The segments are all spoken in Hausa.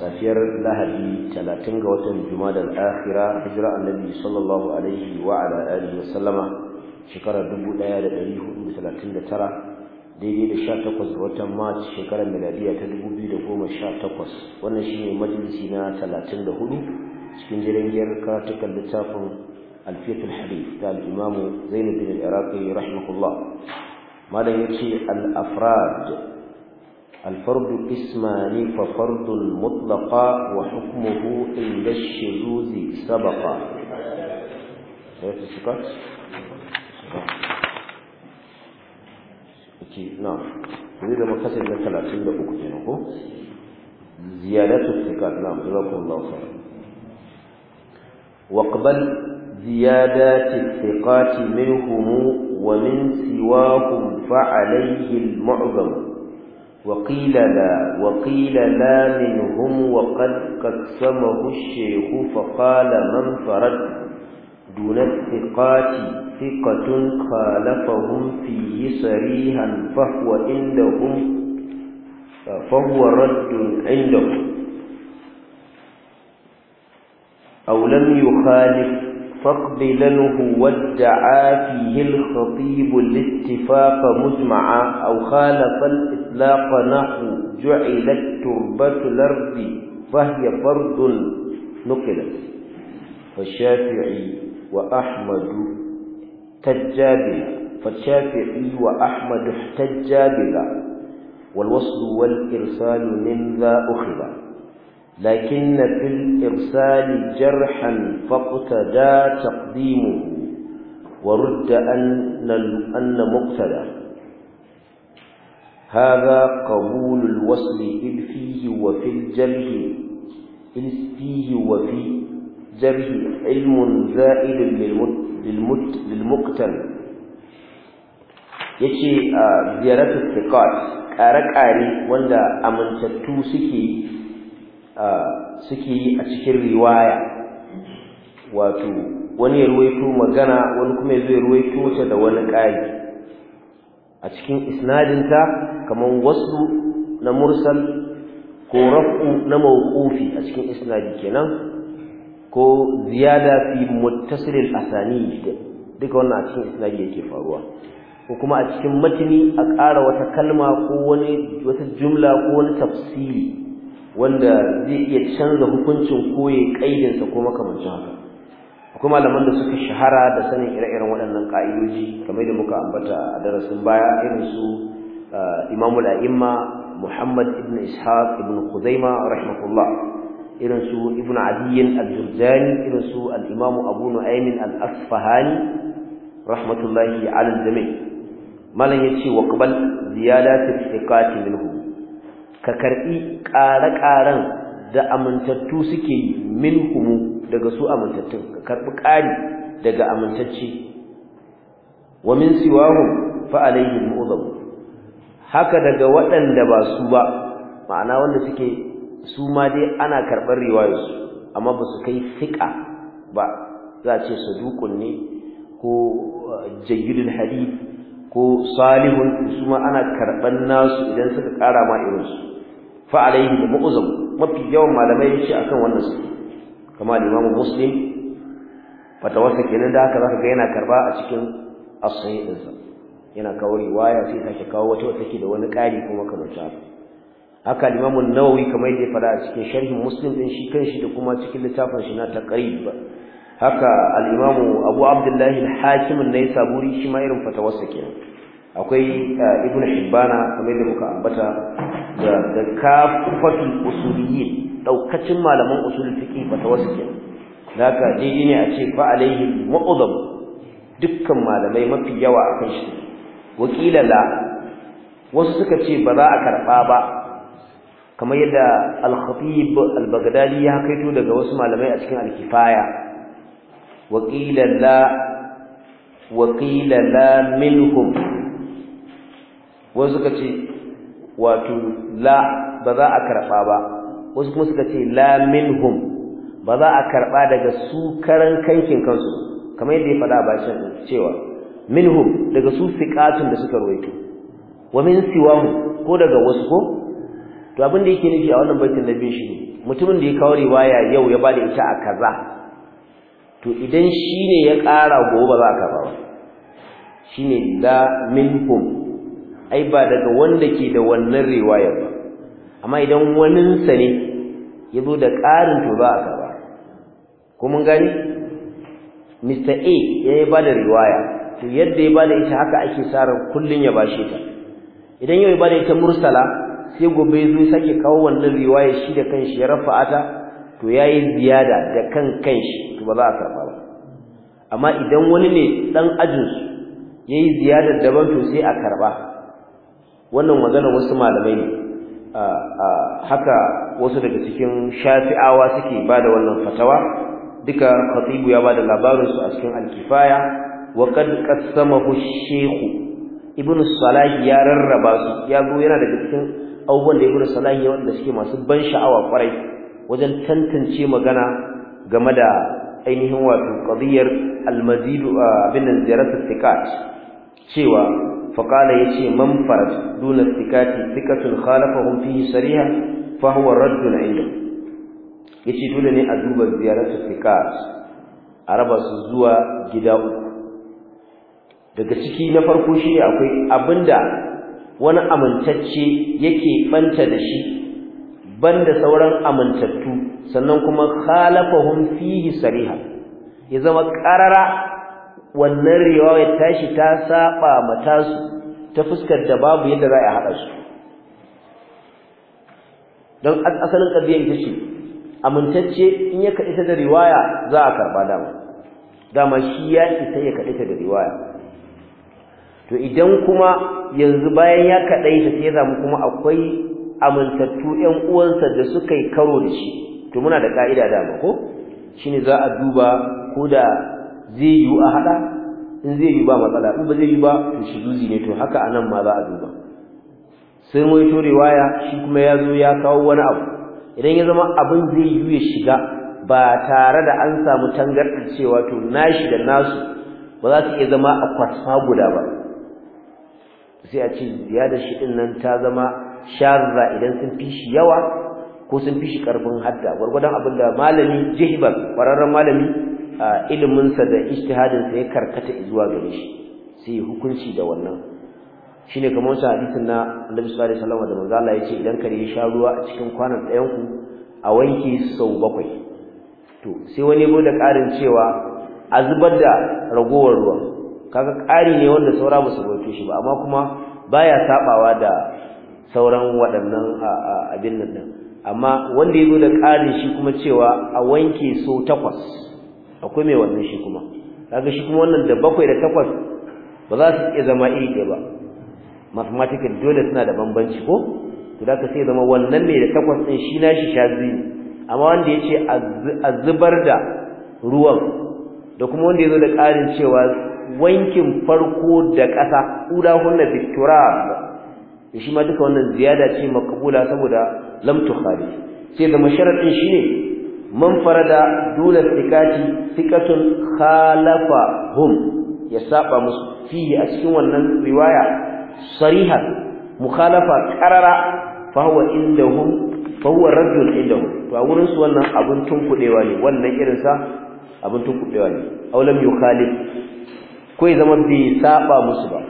safiyar lahadi talatin ga watan jumadal akira hijira annabi sallallahu alaihi wa ala alihi wasallama shekarar dubu ɗaya da ɗari hudu da talatin da tara daidai da sha takwas ga watan mars shekarar miladiya ta dubu biyu da goma sha takwas wannan shine majalisi na talatin da hudu cikin jirgin karatukan littafin alfiyatul hadith ta al'imamu zainuddin al-iraqi rahimahullah malam ya al-afrad الفرض اسماني ففرض مطلقا وحكمه عند الشذوذ سبقا عرفت الصفات؟ نعم تريد مقصد من 33 كينكو زيادة الثقات نعم جزاكم الله خيرا واقبل زيادات الثقات منهم ومن سواهم فعليه المعظم وقيل لا وقيل لا منهم وقد قسمه الشيخ فقال من فرد دون الثقات ثقة خالفهم فيه صريحا فهو عندهم فهو رد عندهم أو لم يخالف فاقبلنه وادعى فيه الخطيب الاتفاق مجمعا أو خالف الاتفاق لا قناح جعلت تربة الأرض فهي فرض نقلت فالشافعي وأحمد احتجا بها فالشافعي وأحمد احتجا بها والوصل والإرسال من ذا أخذ لكن في الإرسال جرحا فاقتدى تقديمه ورد أن أن مقتدى هذا قبول الوصل إن فيه وفي الجرح إن فيه وفي جرح علم زائد للمقتل yace ziyaratul thiqat kare-kare wanda amintattu suke suke yi a cikin riwaya wato wani ya ruwaito magana wani kuma ya zo ya ruwaito ta da wani ƙari a cikin isnadinta kamar wasu na mursal ko rafu na mawqufi a cikin isnadi kenan ko ziyada fi muttasil al-asani duka wannan a cikin isnadi yake faruwa ko kuma a cikin matini a ƙara wata kalma ko wani wata jumla ko wani tafsiri wanda zai iya canza hukuncin koye kaidinsa ko makamancin haka akwai malaman da suka shahara da sanin ire-iren waɗannan ƙa'idoji kamar da muka ambata a darasin baya irin su imamu la'imma muhammad ibn ishaq ibn kuzaima rahimahullah irin su ibn adiyin al-jurjani irin su al abu nu'aymin al-asfahani rahmatullahi ala jami' malam yace wa qabal ziyadat al minhu ka karɓi ƙare-ƙaren da amintattu suke min minhum daga su amintattun ka karɓi ƙari daga amintacce wa min siwahu fa alayhi al haka daga waɗanda ba su ba ma'ana wanda suke su ma dai ana karɓar riwayarsu amma ba su kai fiƙa ba za a ce saduƙun ne ko eh, jayyidul hadith ko salihun su ma ana karɓar nasu idan suka ƙara ma irinsu fa da mu'uzam mafi yawan malamai a akan wannan su kamar imamu muslim fatawarsa kenan da haka zaka ga yana karɓa a cikin as yana kawo riwaya sai sake kawo wata wata take da wani ƙari kuma kamar ta haka Imam An-Nawawi kamar yadda ya fara a cikin sharhin Muslim din shi kanshi da kuma cikin littafin shi na Taqrib haka al-Imam Abu Abdullah al-Hakim an-Naisaburi shi ma irin fatawarsa kenan akwai eh, Ibn Hibban kamar yadda muka ambata da da kafatul usuliyyin daukacin malaman usul fiqh fatawarsa kenan haka dai-dai ne a ce fa alaihi mu'adhab dukkan malamai mafi yawa akan shi wakila la wasu suka ce ba za a karɓa ba kamar yadda al-khatib al-baghdadi ya kaito daga wasu malamai a cikin al-kifaya wakila la wakila la minhum wasu suka ce wato la ba za a karɓa ba wasu kuma suka ce la minhum ba za a karɓa daga su karan kankin kansu kamar yadda ya faɗa bashin cewa minhum daga su fiqatun da suka ruwaito wa min siwahu ko daga wasu ko to abin da yake nufi a wannan baitin nabi shi mutumin da ya kawo riwaya yau ya bada ita a kaza to idan shine ya ƙara gobe ba za ka ba shine la minhum ai ba daga wanda ke da wannan riwaya ba amma idan waninsa ne ya zo da ƙarin to za a ka ba ko mun gani Mr. A ya yi ba da riwaya to yadda ya bada ita haka ake sarar kullun ya bashe ta idan yau ya bada ita mursala sai gobe ya zo sake kawo wannan riwaya shi da kanshi ya rafa ta to yayi ziyada da kan kanshi to ba za a karba ba amma idan wani ne dan ajin su yayi ziyarar daban to sai a karba wannan magana wasu malamai ne haka wasu daga cikin shafi'awa suke bada wannan fatawa duka khatibu ya bada labarin su a cikin alkifaya wa qad qassamahu ash-shaykh ibn salah ya rarraba su ya yana da cikin abubuwan da ibn Salahi wanda suke masu ban sha'awa kwarai wajen tantance magana game da ainihin wato qadiyar al-mazid abin ziyarat al-thiqat cewa faqala yace man faraj dun al-thiqati thiqatun khalafahum fihi sariha fa huwa raddun inda yace dole ne a duba ziyarat al-thiqat a raba su zuwa gida uku daga ciki na farko shi ne akwai abinda wani amintacce yake banta da shi banda sauran amintattu sannan kuma khalafahum fihi sariha ya zama karara wannan riwaya tashi ta saba matasu su ta fuskar da babu yadda za a hada su don asalin kadiyar ita ce amintacce in ya kaɗi ta da riwaya za a karba dama dama shi ya ita ya kaɗi ta da riwaya to idan kuma yanzu bayan ya kaɗai ta sai zama kuma akwai amintattu 'yan uwansa da suka yi karo da shi to muna da ƙa'ida da ko shine za a duba ko da zai yi a hada in zai yi ba matsala in ba zai yi ba to shi zuzi ne to haka anan ma za a duba sai mu yi riwaya shi kuma ya zo ya kawo wani abu idan ya zama abin zai yi ya shiga ba tare da an samu tangarɗa cewa to nashi da nasu ba za su iya zama a kwasa guda ba sai a ce ziyadar shi din nan ta zama sharra idan sun fi shi yawa ko sun fi shi karfin hadda gwargwadon abin da malami jihibar kwararren malami iliminsa da ijtihadinsa ya karkata zuwa gare shi sai hukunci da wannan shine kamar wancan hadisin na Annabi sallallahu alaihi wasallam da manzo Allah ce idan kare ya sha ruwa a cikin kwanan ɗayan ku a wanke sau bakwai to sai wani ya da ƙarin cewa a zubar da ragowar ruwan kaga ƙari ne wanda saura musu su shi ba amma kuma baya sabawa da sauran waɗannan abin nan din amma wanda yazo da ƙarin shi kuma cewa a wanke so takwas akwai mai wannan shi kuma kaga shi kuma wannan da bakwai da takwas ba za su iya zama iri ɗaya ba mathematical dole suna da bambanci ko to da ka sai zama wannan mai da takwas din shi nashi shazi amma wanda yace a zubar da ruwan da kuma wanda yazo da ƙarin cewa wankin farko da ƙasa ula hunna da shi ma duka wannan ziyada ce makabula saboda lam tukhali sai da shi shine man farada dole tikati tikatun khalafa hum ya saba musu fi a cikin wannan riwaya sariha mukhalafa qarara fa huwa indahum fa huwa rajul indahum to a wurin su wannan abun tunkudewa ne wannan irin sa abin tunkubewa ne aulam khalif ko yi zama bai saba musu ba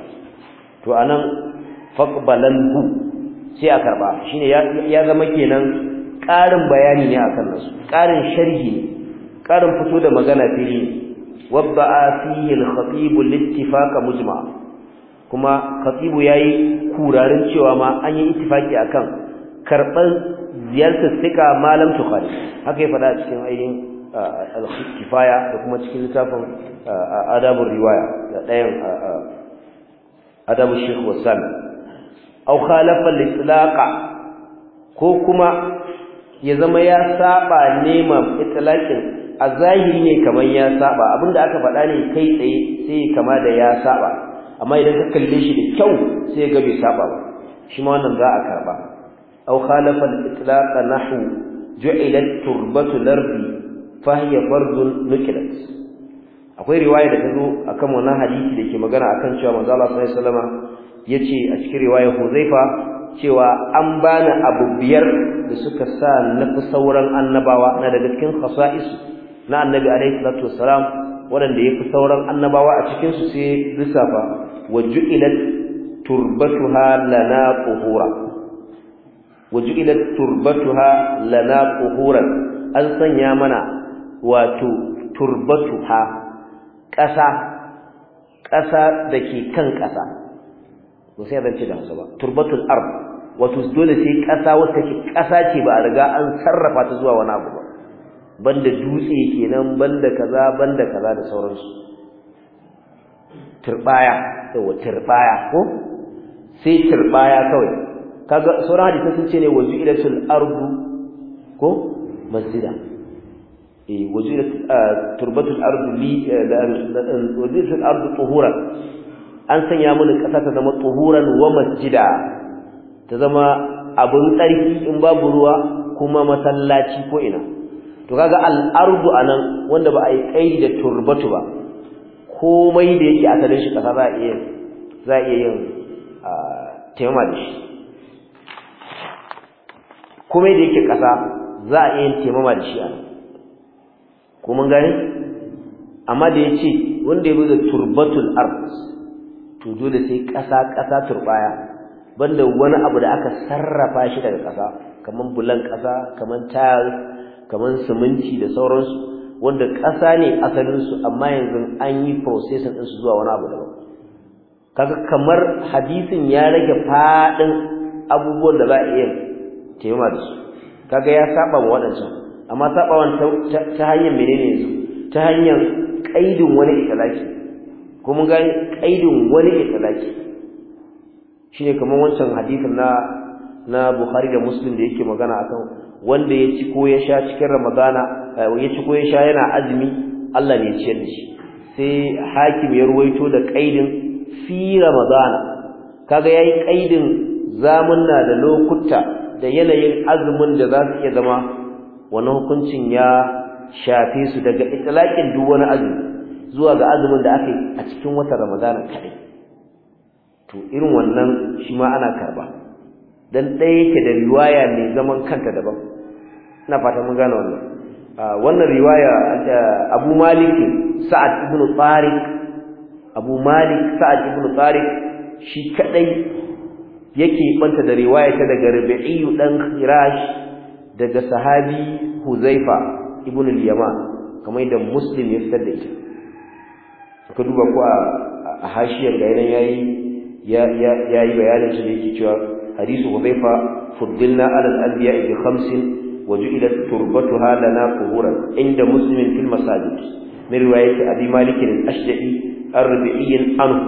to a nan anan bu sai a karba shine ya zama kenan ƙarin bayani ne a kan nasu ƙarin sharhi ne ƙarin fito da magana fili wabba'a fihi al khatibu al-ittifaq kuma khatibu yi kurarin cewa ma an yi ittifaki kan karɓar ziyartar suka malam tukhari haka ya fada cikin ainihin al-kifaya da kuma cikin littafin adabul riwaya da ɗayan adabul sheikh wasan aw khalafa al ko kuma ya zama ya saba neman itlaqin a zahiri ne kamar ya saba abinda aka faɗa ne kai tsaye sai kama da ya saba amma idan ka kalle shi da kyau sai ga bai saba ba shi ma wannan za a karba aw khalafa al-itlaqa nahwu ju'ilat turbatu lardi fahiya bardun nukilat akwai riwaya da ta zo akan wannan hadisi da ke magana akan cewa manzo Allah sallallahu alaihi wasallam a cikin riwayar Huzaifa cewa an bani abu biyar da suka sa na fi sauran annabawa na daga cikin khasa'is na annabi alaihi salatu wassalam waɗanda ya fi sauran annabawa a cikin su sai lissafa wa ju'ilat turbatuha lana quhura turbatuha lana quhuran an sanya mana wato turbatuha ƙasa ƙasa da ke kan ƙasa ba sai zance da hausa ba turbatul ard wato dole sai ƙasa wata ke ƙasa ce ba a riga an sarrafa ta zuwa wani abu ba banda dutse kenan banda kaza banda kaza da sauransu turbaya yawa turbaya ko sai turbaya kawai kaga sauran hadisi sun ce ne wajilatul ardu ko masjida وزيرة تربة الأرض لي وزيرة الأرض طهورا أنسى يامن كثافة زما طهورا ومسجدا تزما أبن تاريخي إن باب روا كما مسلاتي كوئنا to kaga al a nan wanda ba a yi kai da turbatu ba komai da yake asalin shi za a iya shi za a iya yin da shi anan ko mun gane amma da yace wanda ya da turbatul ard to dole sai ƙasa ƙasa turbaya banda wani abu da aka sarrafa shi daga ƙasa kaman bulan kasa kaman tile kaman siminti da sauransu wanda ƙasa ne asalin su amma yanzu an yi processing din su zuwa wani abu daban kaga kamar hadisin ya rage fadin abubuwan da ba iya taimaka da su kaga ya saba wa waɗancan amma sabawan ta hanyar menene yanzu ta hanyar kaidin wani italaki ko mun gani kaidin wani italaki shine kamar wancan hadisin na na Bukhari da Muslim da yake magana akan wanda ya ci ko ya sha cikin Ramadana eh, ya ci ko ya sha yana azumi Allah ne ya ciyar da shi sai hakim ya ruwaito da kaidin fi Ramadana kaga yayi kaidin zamunna da lokuta da yanayin azumin da za su iya zama wani hukuncin ya shafe su daga itilakin duk wani azumi zuwa ga azumin da aka yi a cikin watan ramadana kaɗai. to irin wannan shi ma ana karba dan ɗaya yake da riwaya mai zaman kanta daban ina fata mun gane wannan wannan riwaya Abu Malik Sa'ad ibn Tariq Abu Malik Sa'ad ibn Tariq shi kadai yake banta da riwaya ta daga Rabi'iyu dan Khirash daga sahabi huzaifa ibn al-yaman kamar yadda muslim ya fitar da ita ka duba ko a hashiyar da yanayi yayi ya yi bayanin su da yake cewa hadisu huzaifa fuddilna ala al-anbiya bi khamsin wa ju'ilat turbatuha lana quburan inda muslimin fil masajid min riwayat abi malik al-ashja'i الربعي عنه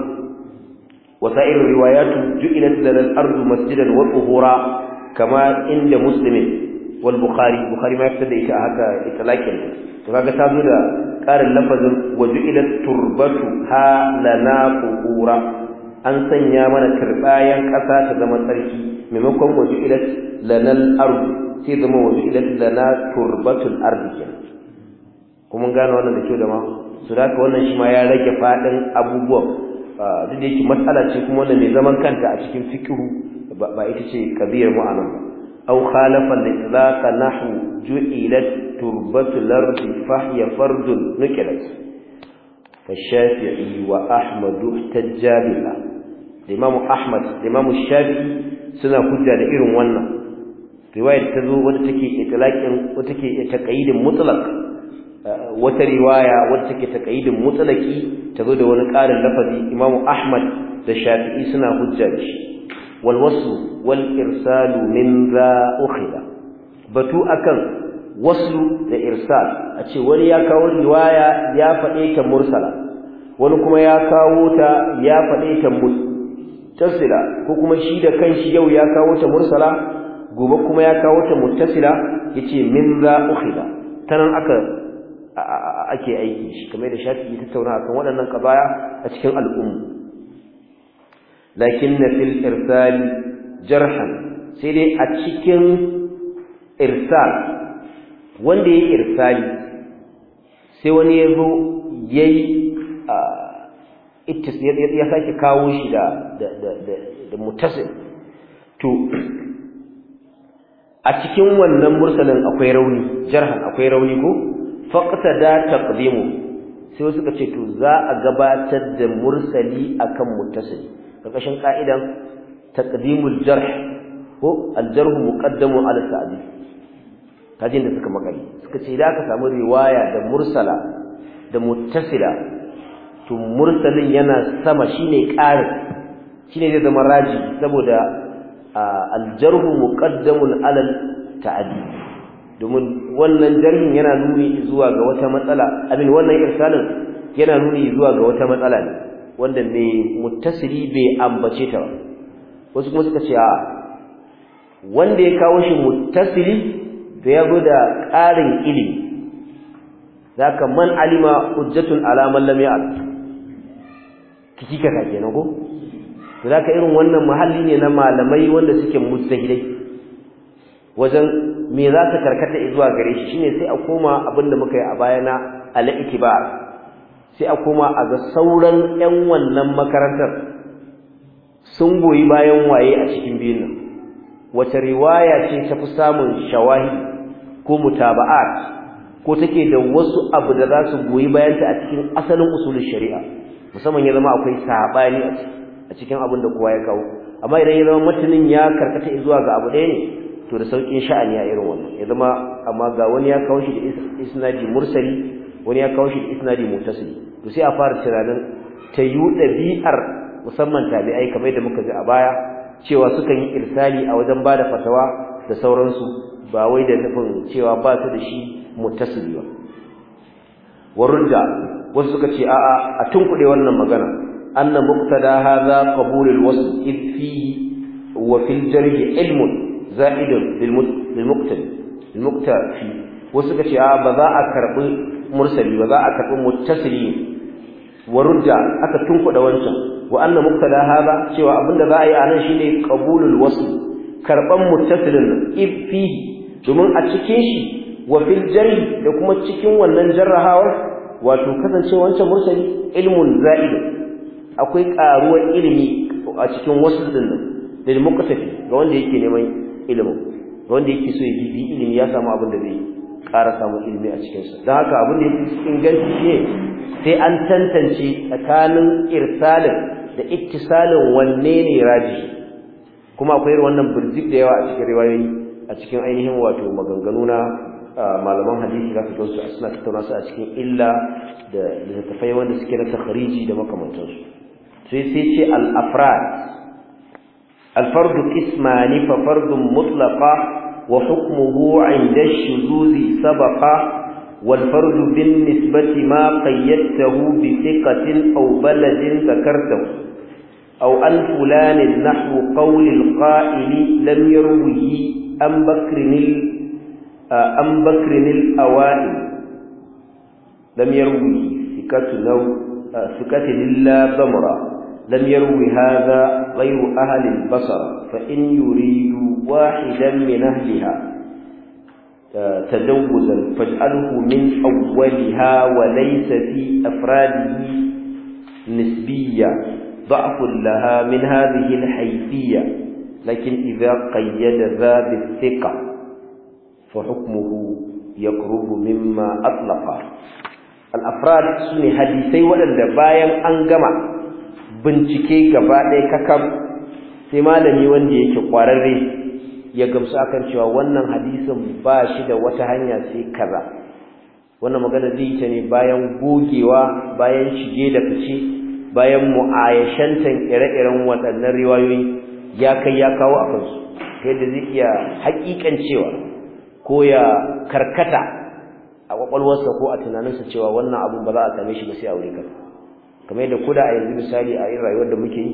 وسائر الروايات جئلت لنا masjidan مسجدا وطهورا كما inda مسلم wal bukhari bukhari ma ya fitar da ita a haka itlaqin to kaga ta zo da karin lafazin ila turbatu ha lana qura an sanya mana turbayan kasa ta zama tsarki maimakon waju'ila lanal ardu sai zama waju'ila lana turbatul ardi kuma gano wannan da kyau da ma su da wannan shi ma ya rage fadin abubuwan duk da yake matsala ce kuma wanda mai zaman kanta a cikin fikihu ba ita ce kabiyar mu nan ba أو خالف الإطلاق نحو جئلت تربة الأرض فهي فرد نكرت فالشافعي وأحمد احتجا بالله الإمام أحمد الإمام الشافعي سنة حجة لإيرن ونا رواية تذو وتكي إطلاق وتكي تقييد مطلق wata riwaya wacce take takaidin mutlaki tazo da wani ƙarin lafazi Imam Ahmad da Shafi'i suna hujja da shi wal waslu wal irsalu min za ukhida batu akan waslu da irsal a ce wani ya kawo riwaya ya faɗe ta mursala wani kuma ya kawo ta ya faɗe ta muttasila ko kuma shi da kanshi yau ya kawo ta mursala gobe kuma ya kawo ta muttasila yace min za ukhida tanan aka ake aiki shi kamar da shafi ya tattauna akan waɗannan kabaya a cikin al'ummu lakin na fil irsali jarhan sai dai a cikin irsal wanda ya yi irsali sai wani ya zo ya yi ya sake kawo shi da mutasin to a cikin wannan mursalin akwai rauni jarhan akwai rauni ko da taqdimu sai suka ce to za a gabatar da mursali akan mutasin kashin ka'idan taqdimul jarh ko aljarhu jarh muqaddamu ala ta'dil kajin da suka makari suka ce da ka samu riwaya da mursala da muttasila to mursalin yana sama shi shine ƙarin shine zai zama raji saboda aljarhu jarh muqaddamun ala ta'dil domin wannan jarhin yana nuni zuwa ga wata matsala abin wannan irsalin yana nuni zuwa ga wata matsala ne wanda mai muttasiri bai ambace ta ba wasu kuma suka ce a wanda ya kawo shi mutasiri da ya zo da ƙarin ilimi za ka man alima hujjatun alamun lamiyar kikika kake na ka ko to ka irin wannan mahalli ne na malamai wanda suke mustahilai wajen me za ka karkata zuwa gare shi shine sai a koma abinda muka yi a baya na ala'iki ba. sai a koma a ga sauran 'yan wannan makarantar sun goyi bayan waye a cikin biyun nan wace riwaya ce ta fi samun shawahi ko mutaba'at ko take da wasu abu da za su goyi bayanta a cikin asalin usulun shari'a musamman ya zama akwai saɓani a cikin abin da kowa ya kawo amma idan ya zama mutumin ya karkata zuwa ga abu ɗaya ne to da sauƙin sha'ani a irin wannan ya zama amma ga wani ya kawo shi da isnadi mursali wani ya kawo shi da isnadi mutasili to sai a fara tunanin ta yi ɗabi'ar musamman tabi'ai kamar da muka ji a baya cewa sukan yi irsali a wajen ba da fatawa da sauransu ba wai da nufin cewa ba su da shi mutasili ba da wasu suka ce a'a a tunkuɗe wannan magana anna muqtada hadha qabulul wasl id fihi wa fil jarh ilmun za'idun wasu suka ce ba za a mursali ba za a karɓi muttasili wa rudda aka tunkuɗa wancan wa anna muktala haza cewa abinda za a yi a nan shine qabulul wasl karɓan muttasilin fi domin a cikin shi wa fil jarri da kuma cikin wannan jarrahawar wato kasance wancan mursali ilmun za'id akwai ƙaruwar ilimi a cikin wasu din da tafi ga wanda yake neman ilimin wanda yake so ya bibi ilimi ya samu abin da zai yi ƙara samun ilimi a cikinsa don haka abin da fi inganci ne sai an tantance tsakanin irsalin da ittisalin wanne ne raji kuma akwai wannan birjik da yawa a cikin riwayoyi a cikin ainihin wato maganganu na malaman hadisi za su su suna tattauna su a cikin illa da littattafai wanda suke na takhariji da makamantansu sai sai ce al-afrad al-fardu qismani fa fardun mutlaqa وحكمه عند الشذوذ سبق والفرد بالنسبة ما قيدته بثقة أو بلد ذكرته أو أن فلان نحو قول القائل لم يروه أم بكر آه، أم بكر الأوائل لم يروه ثقة آه، ثقة إلا بمرة لم يروي هذا غير أهل البصر فإن يريد واحدا من أهلها تجوزا فاجعله من أولها وليس في أفراده نسبية ضعف لها من هذه الحيثية لكن إذا قيد ذا بالثقة فحكمه يقرب مما أطلق الأفراد سني حديثي ولا دبايا أنقمع بنتكي gaba ككب سمالا sai malami ya gamsu akan cewa wannan hadisin ba shi da wata hanya sai kaza wannan magana zai ta ne bayan gogewa bayan shige da fice bayan mu'ayashantan ire-iren waɗannan riwayoyi ya kai ya kawo a kansu ta yadda zai iya haƙiƙancewa ko ya karkata a ƙwaƙwalwarsa ko a tunaninsa cewa wannan abun ba za a same shi ba sai a wuri kaza kamar yadda kuda a yanzu misali a yin rayuwar da muke yi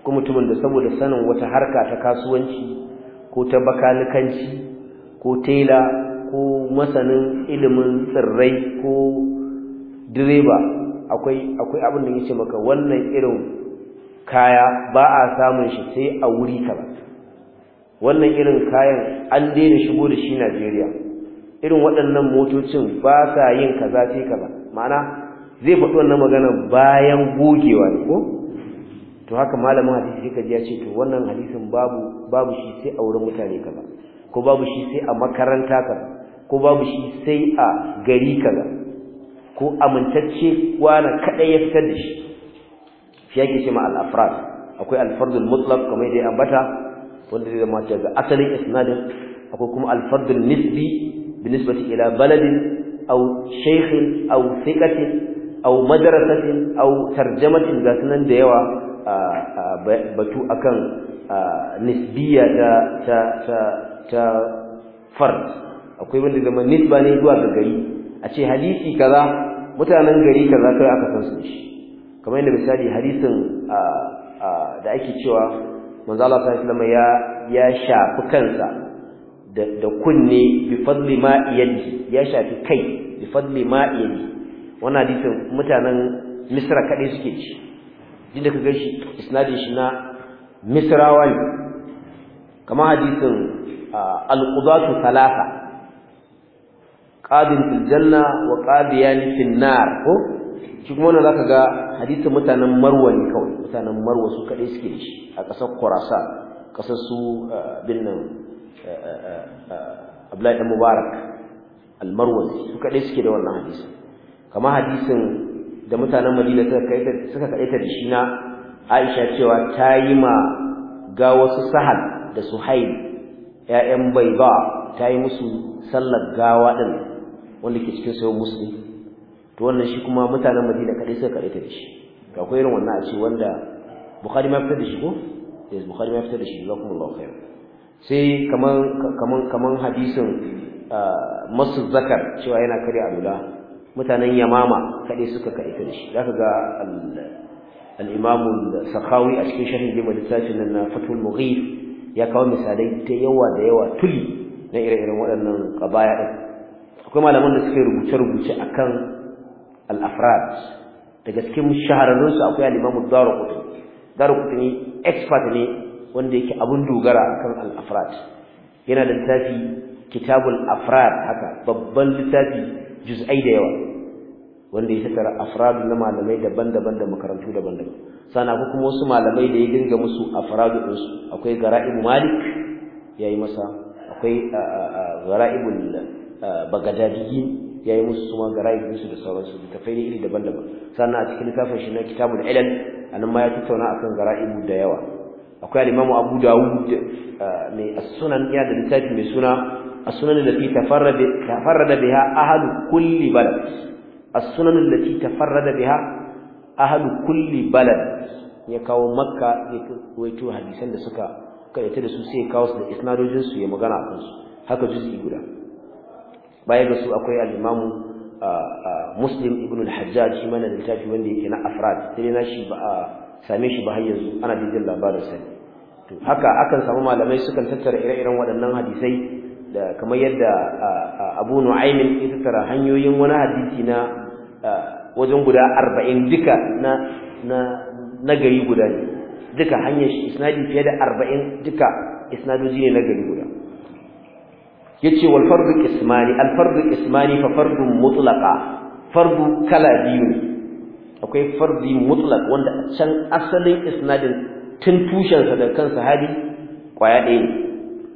ko mutumin da saboda sanin wata harka ta kasuwanci ko ta bakalikanci ko tela ko masanin ilimin tsirrai ko direba akwai akwai abin da yake maka wannan irin kaya ba a samun shi sai a wuri ka wannan irin kayan an daina shigo da shi Najeriya irin waɗannan motocin ba sa yin kaza sai kaza ma'ana zai faɗi wannan magana bayan gogewa ne ko to haka malamin hadisi sai kaji ya ce to wannan hadisin babu babu shi sai a wurin mutane kaza ko babu shi sai a makaranta kaza ko babu shi sai a gari kaza ko amintacce wani kadai ya fitar da shi shi yake ce ma al-afrad akwai al al mutlaq kamar da ambata wanda zai zama ga asalin isnadin akwai kuma al al nisbi binisbati ila baladin aw shaykhin aw thiqatin aw madrasatin aw tarjamatin ga da yawa batu akan nisbiya ta ta ta ta fard akwai wanda zama nisba ne zuwa ga gari a ce hadisi kaza mutanen gari kaza kai aka san su shi kamar yadda misali hadisin da ake cewa manzo Allah sallallahu ya ya shafi kansa da kunne bi fadli ma yadi ya shafi kai bi fadli ma yadi wannan hadisin mutanen Misra kadai suke ci inda ka gaishe isnadin shi na misrawan ne kamar hadisin al-qudatu thalatha qadin fil janna wa qadiyan fil nar ko shi kuma wannan zaka ga hadisin mutanen marwa ne kawai mutanen marwa su kadai suke da shi a ƙasar qurasa ƙasar su bin nan Abdullahi Mubarak al marwa su kadai suke da wannan hadisin kamar hadisin da mutanen Madina suka kai suka kai ta na Aisha cewa ta yi ma ga wasu Sahal da Suhail ƴaƴan Baiba ta yi musu sallar gawa din wanda ke cikin sayo Muslim to wannan shi kuma mutanen Madina kadai suka kai ta ga akwai irin wannan a ce wanda Bukhari ma fitar da shi ko yes Bukhari ma fitar da shi jazakumullahu khair sai kaman kaman kaman hadisin ah, masu zakar cewa yana kare alula mutanen yamama kaɗai suka kaɗaita da shi zaka ga al sakawi a cikin sharhin jima littafin nan na fatul mughif ya kawo misalai ta yawa da yawa tuli na ire-iren waɗannan qabaya din akwai malaman da suka rubuce-rubuce a kan afrad daga cikin shahararrunsu akwai akwai al-imam ad-daruqutni ne expert ne wanda yake abun dogara akan al-afrad yana da littafi kitabul afrad haka babban littafi juz'ai da yawa wanda ya tattara afradu na malamai daban-daban da makarantu daban-daban sana ku kuma wasu malamai da ya dinga musu afradu din su akwai gara'ibu malik yayi masa akwai gara'ibu bagadadi yayi musu kuma gara'ibu su da sauran su da tafai iri daban-daban sannan a cikin kafin shi na kitabul ilal anan ma ya tattauna akan gara'ibu da yawa akwai al-imamu Abu Dawud mai as-sunan ya da littafi mai suna السنن التي تفرد تفرد بها أهل كل بلد السنن التي تفرد بها أهل كل بلد يكاو مكة ويتو حديثا da suka kaita da su sai kawo su da isnadojin su ya magana akan su haka juz'i guda baya ga su akwai al-Imam Muslim ibn al-Hajjaj shi mana littafi wanda yake na afrad sai na shi ba same shi ba har yanzu ana da jin labarin sa to haka akan samu malamai sukan tattara ire-iren waɗannan hadisai da kamar yadda abu nu'aimin ita tara hanyoyin wani hadisi na wajen guda arba'in duka na gari guda ne duka hanyar isnadi fiye da arba'in duka isnadoji ne na gari guda yace wal fardu qismani al fardu ismani fa fardun mutlaqa fardu kala biyu ne akwai fardi mutlaq wanda can asalin isnadin tun tushensa da kansa hadi kwaya ɗaya ne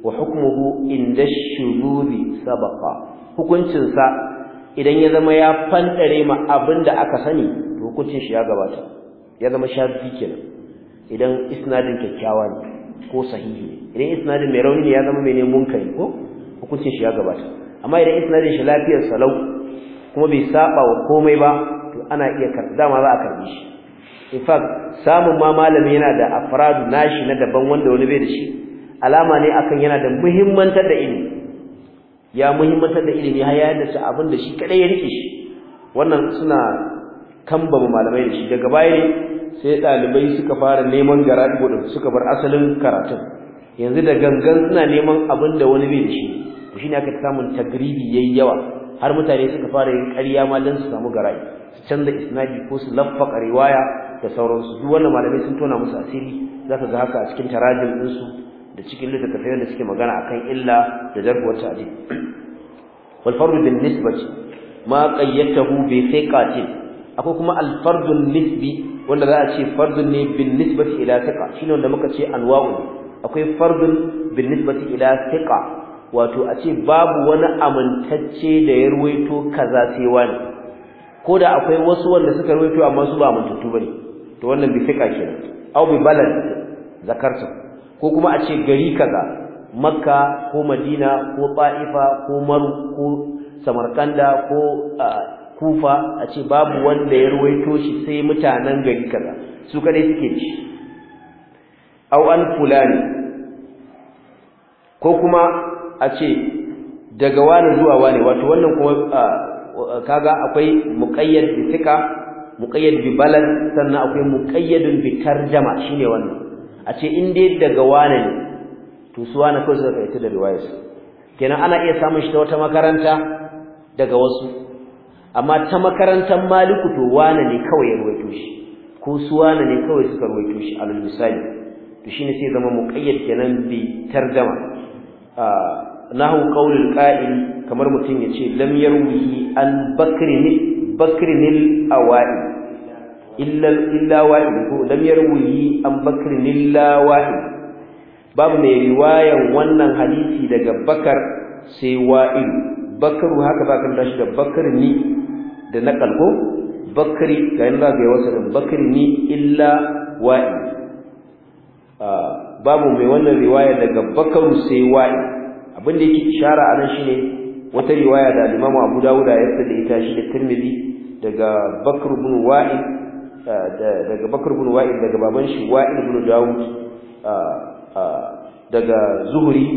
wa hukmuhu inda shubuhi sabaqa hukuncinsa idan ya zama ya fandare ma abinda aka sani to hukuncin shi ya gabata ya zama shafi kenan idan isnadin kyakkyawa ne ko sahihi ne idan isnadin mai rauni ne ya zama mai mene munkari ko hukuncin shi ya gabata amma idan isnadin shi lafiyar salau kuma bai saba wa komai ba to ana iya karɓa dama za a karɓi shi in fact samun ma malami yana da afradu nashi na daban wanda wani bai da shi alama ne akan yana da muhimmantar da ilimi ya muhimmantar da ilimi har ya yadda shi abin da shi kadai ya rike shi wannan suna kambama malamai da shi daga baya ne sai ɗalibai suka fara neman garaɗi da suka bar asalin karatu. yanzu da gangan suna neman abin da wani bai da shi shi ne aka samun tagribi yayi yawa har mutane suka fara yin ƙarya ma don su samu garaɗi su canza isnadi ko su laffaka riwaya da sauransu duk wannan malamai sun tona musu asiri zaka ga haka a cikin tarajin ɗinsu da cikin littattafai da suke magana akan illa da zarfuwar ta'dil wal fardu bin nisbati ma qayyatahu bi thiqatin akwai kuma al fardu nisbi wanda za a ce fardun ne bin nisbati ila thiqa shine wanda muka ce anwa'u akwai fardun bin nisbati ila thiqa wato a ce babu wani amintacce da ya ruwaito kaza sai wani ko da akwai wasu wanda suka ruwaito amma su ba amintattu bane to wannan bi thiqa kenan aw bi balad zakartu ko kuma a ce gari kaza makka ko madina ko Ba'ifa ko maru ko samarkanda ko kufa a ce babu wanda ya ruwaito shi sai mutanen gari kaza su kadai suke ci aw an fulani ko kuma a ce daga wani zuwa wani wato wannan kuma kaga akwai muqayyad bi sika muqayyad bi balad sannan akwai muƙayyadun bi tarjama shine wannan a ce inda yadda ga wane ne to suwa na kawai suka kaita da riwayar su kenan ana iya samun shi ta wata makaranta daga wasu amma ta makarantar maliku to wane ne kawai ya ruwaito shi ko suwa na ne kawai suka ruwaito shi alal misali to shine sai zama muqayyad kenan bi tarjama nahu qaulul qa'il kamar mutum ya ce lam yarwihi an bakrin bakrinil awai illa wahid ko lam yarwi an bakr illa wahid babu mai riwayan wannan hadisi daga bakar sai wa'il Bakaru haka ba kan dashi da bakr ni da nakal ko bakri ga yanda ga wasa da bakr ni illa wa'il ah, babu mai wannan riwaya daga bakaru sai wa'il abin da yake ishara anan shine wata riwaya da Imam Abu Dawud ya da ita shi da Tirmidhi daga Bakr ibn Wa'il daga bakar bin wa'il daga baban shi wa'il bin dawud daga zuhri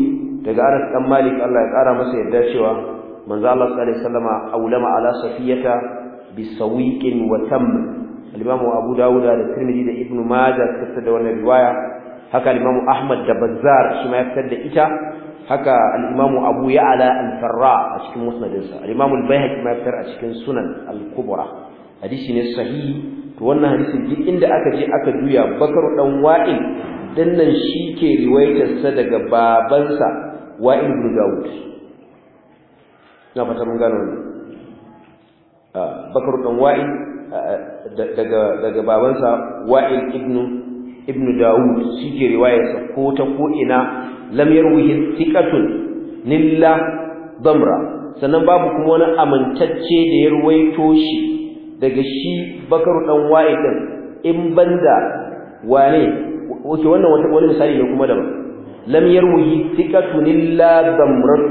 daga anas dan malik Allah ya kara masa yadda cewa manzo Allah sallallahu alaihi wasallama aulama ala safiyata bisawiqin wa tam al-imam abu dawud da tirmidhi da ibn majah suka da wannan riwaya haka al-imam ahmad da bazzar shi ma ya fitar da ita haka al-imam abu ya'la al-farra a cikin musnadinsa al-imam al-baihaqi ma ya fitar a cikin sunan al-kubra hadisi ne sahihi to wannan hadisin duk inda aka je aka juya bakar dan wa'il nan shi ke riwaitarsa daga babansa wa'il ibn dawud na fata mun gano ne ah, bakar dan wa'il ah, ah, daga daga babansa wa'il ibn ibn dawud shi ke riwayarsa ko ta ko ina lam yarwihi thiqatun Lillah damra sannan babu kuma wani amintacce da ya ruwaito shi daga shi bakaru dan waye din in banda wane wace wannan wata wani misali ne kuma daban lam yarwi thiqatun illa zamrat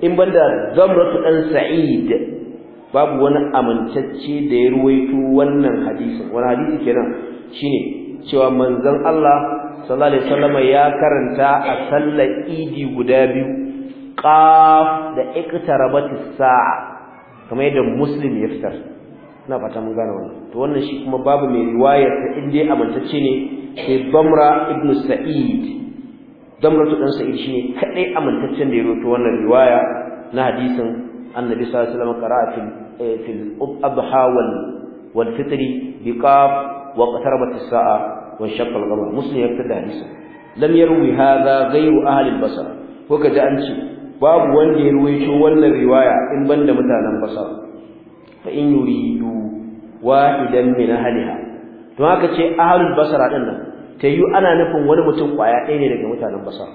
in banda zamratu dan sa'id babu wani amintacce da ya ruwaito wannan hadisi. wani hadisi kenan shine cewa manzon Allah sallallahu alaihi wasallam ya karanta a sallar idi guda biyu qaf da iqtarabatis sa'a kamar yadda muslim ya fitar ina fata mun gane wannan to wannan shi kuma babu mai riwayar ta inda amintacce ne sai Damra ibn Sa'id Damra to dan Sa'id shine kadai amintaccen da ya rawaito wannan riwaya na hadisin Annabi sallallahu alaihi wasallam qara'a fil eh, fil adha wal wal fitr biqab wa qatarabat as-sa'a wa shaqqa al-qamar muslim ya tada hadisin lam yarwi hadha ghayru ahli al-basra ko kaji an ce babu wanda ya rawaito wannan riwaya in banda mutanen basra fa in yuridu wahidan min ahliha to haka ce ahlul basara din nan tayu ana nufin wani mutum kwaya ɗaya ne daga mutanen basara.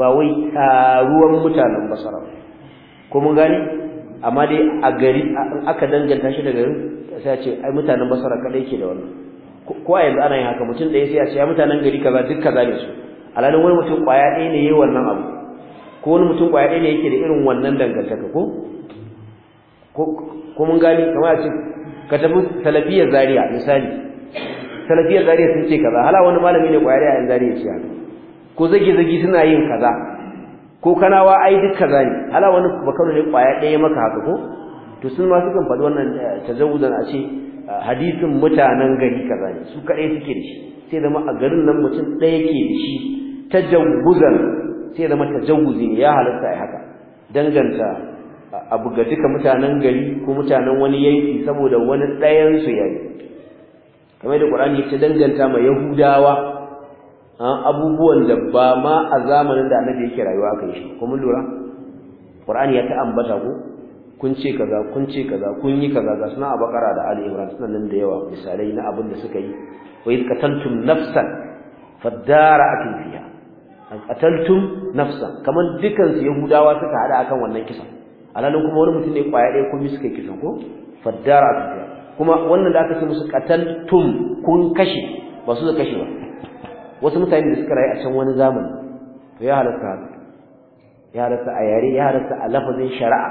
ba wai taruwan mutanen basara, ko mun gani? amma dai a gari aka danganta shi daga sai a ce ai mutanen basara kadai ke da wannan ko a yanzu ana yin haka mutum ɗaya sai a ce ai mutanen gari kaza duk kaza ne su alalin wani mutum kwaya ɗaya ne yayi wannan abu ko wani mutum kwaya ɗaya ne yake da irin wannan dangantaka ko ko mun gani kamar a ce ka tafi salafiyar Zariya, misali salafiyar Zariya sun ce kaza hala wani malami ne kwayar yayin zariya shi haka ko zage zage suna yin kaza ko kanawa ai duk kaza ne hala wani bakaru ne kwaya ɗaya maka haka ko to sun ma sukan faɗi wannan eh, tazawudan a ce eh, hadisin mutanen gari kaza ne su kaɗai suke da shi sai zama a garin nan mutum ɗaya ke da shi tajawuzan sai zama tajawuzi ne ya halatta ai haka danganta abu buga duka mutanen gari ko mutanen wani yanki saboda wani ɗayansu su yayi kamar da Qur'ani ya danganta ma Yahudawa abubuwan da ba ma a zamanin da Annabi yake rayuwa kai shi kuma lura Qur'ani ya ta ambata ko kun ce kaza kun ce kaza kun yi kaza ga suna a bakara da Ali Imran suna nan da yawa misalai na abin da suka yi wa id qataltum nafsan fadara'atum fiha qataltum nafsan Kamar dukan Yahudawa suka hada akan wannan kisan alalin kuma wani mutum ne kwaya ɗaya kun suka kisa ko faddara ta biya kuma wannan da aka ce musu tum kun kashe ba su da kashe ba wasu mutane da suka rayu a can wani zamani to ya halatta haka ya halatta a yare ya halatta a lafazin shari'a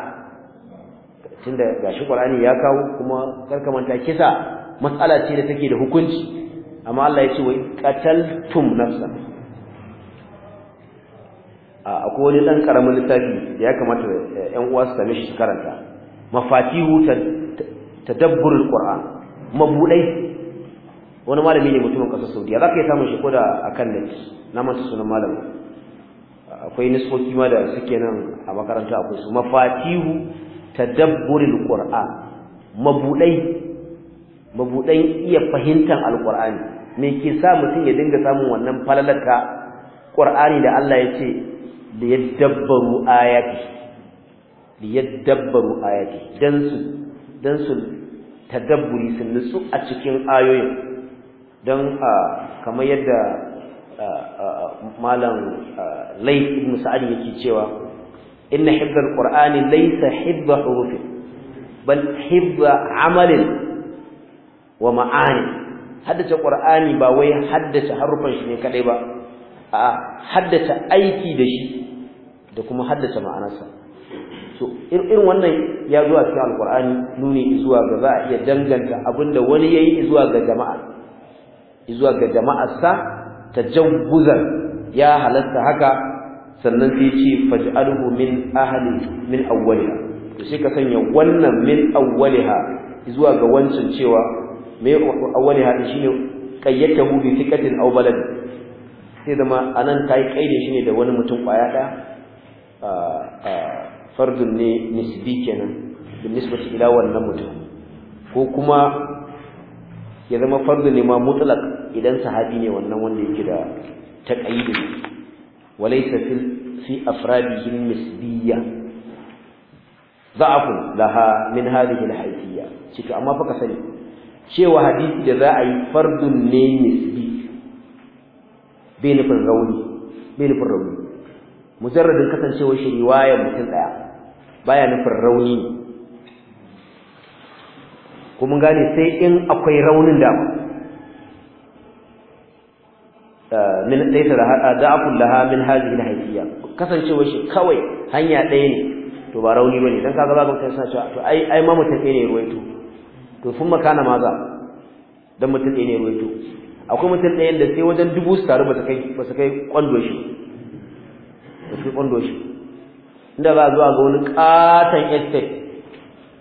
tunda gashi Qur'ani ya kawo kuma karkamanta kisa matsala ce da take da hukunci amma Allah ya ce wai qataltum nafsan akwai wani ɗan ƙaramin littafi da ya kamata eh, ƴan uwa su same shi su karanta mafatihu tadabburul qur'an mabuɗai wani malami ne mutumin kasar saudiya za ka yi samun shi ko da a kan net na manta sunan malami akwai niskoki ma da suke nan a makaranta akwai su mafatihu tadabburil qur'an mabuɗai. Mabuɗai iya fahimtar Alƙur'ani. me ke sa mutum ya dinga samun wannan falalata ƙur'ani da Allah ya ce da ya dabbaru ayati da ya dabbaru ayati dan su dan su tadabburi sun nutsu a cikin ayoyin dan kamar yadda malam lay ibn sa'ad yake cewa inna hibba alqur'ani laysa hibba hurufi bal hibba amalin wa ma'ani haddace qur'ani ba wai haddace harufan shi ne kadai ba a haddace aiki da shi da kuma haddace ma'anarsa so irin wannan ya zuwa cikin alkur'ani nuni zuwa ga za a iya danganta abinda wani yayi zuwa ga jama'a zuwa ga jama'arsa tajawuzan ya halatta haka sannan sai ce faj'alhu min ahli min awwaliha to sai ka sanya wannan min awwaliha zuwa ga wancin cewa mai awwaliha din shine qayyatahu bi fikatin aw balad sai da ma anan kai kaide shine da wani mutum kwaya daya fardun ne nisbi kenan bin nisbati ila wannan mutum ko kuma ya zama fardun ne ma mutlaq idan sahabi ne wannan wanda yake da taqayyid walaysa fil fi afradihi nisbiyya da'afun laha min hadhihi al-haythiyya cika amma fa ka sani cewa hadisi da za a yi fardun ne nisbi bai nufin rauni bai mujarradin kasancewar shi riwayar mutum daya baya nufin rauni kuma gane sai in akwai raunin da eh, min hada da akul laha min hadhihi alhayya kasancewar shi kawai hanya ɗaya ne to ba rauni bane dan kaga babu kai sa to ai ai ma mutum ɗaya ne ruwaito to sun makana maza dan mutum ɗaya ne ruwaito akwai mutum ɗayan da sai wajen dubu su taru ba su kai kwando shi sai kwando shi inda ba zuwa ga wani katon estate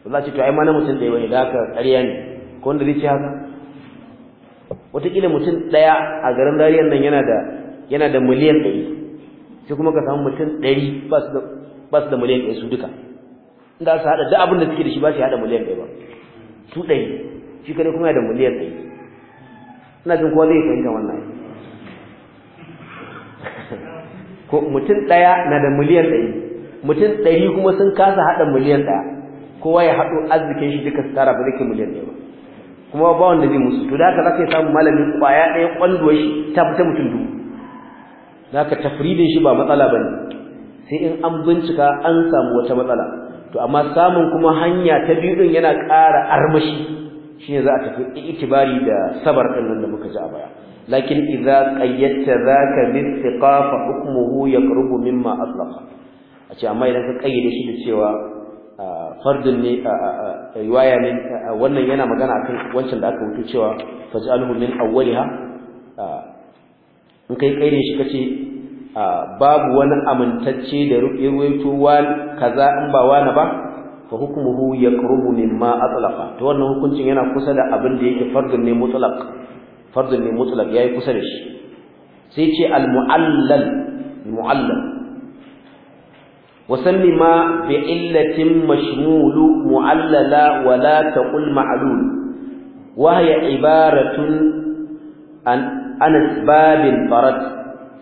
ba za ce to ai mana mutum ɗaya bane da haka ƙarya ne ko wanda zai ce haka wataƙila mutum ɗaya a garin dariyar nan yana da yana da miliyan ɗari sai kuma ka samu mutum ɗari ba su da miliyan ɗaya su duka inda su haɗa duk abin da suke da shi ba su haɗa miliyan ɗaya ba su ɗari shi kare kuma yana da miliyan ɗari ina jin kowa zai fahimta wannan ko mutum ɗaya na da miliyan ɗari mutum ɗari kuma sun kasa haɗa miliyan ɗaya kowa ya haɗo arzikin shi duka su tara ba zai miliyan ɗaya ba kuma ba wanda zai musu to da haka zaka samu malamin ƙwaya ɗaya ƙwalluwar shi ta fita mutum dubu zaka tafridin shi ba matsala ba ne, sai in an bincika an samu wata matsala to amma samun kuma hanya ta biyu din yana ƙara armashi shine za a tafi itibari da sabar ɗin nan da muka ji a baya lakin idza qayyatta zaka bi istiqafa hukmuhu yaqrubu mimma atlaqa a ce amma idan ka kayyade shi da cewa fardun ne riwaya ne wannan yana magana akan wancan da aka wuce cewa faj'alhu min awwaliha in kai kayyade shi kace babu wani amintacce da ruwaito kaza in ba wani ba fa hukmuhu yaqrubu mimma atlaqa to wannan hukuncin yana kusa da abin da yake fardun ne mutlaq fardun ne mutlaq yayi kusa da shi sai ce al muallal muallal wasanni ma bi illatin mashmulu muallala wa la taqul ma'lul wa hiya ibaratun an an asbabin farat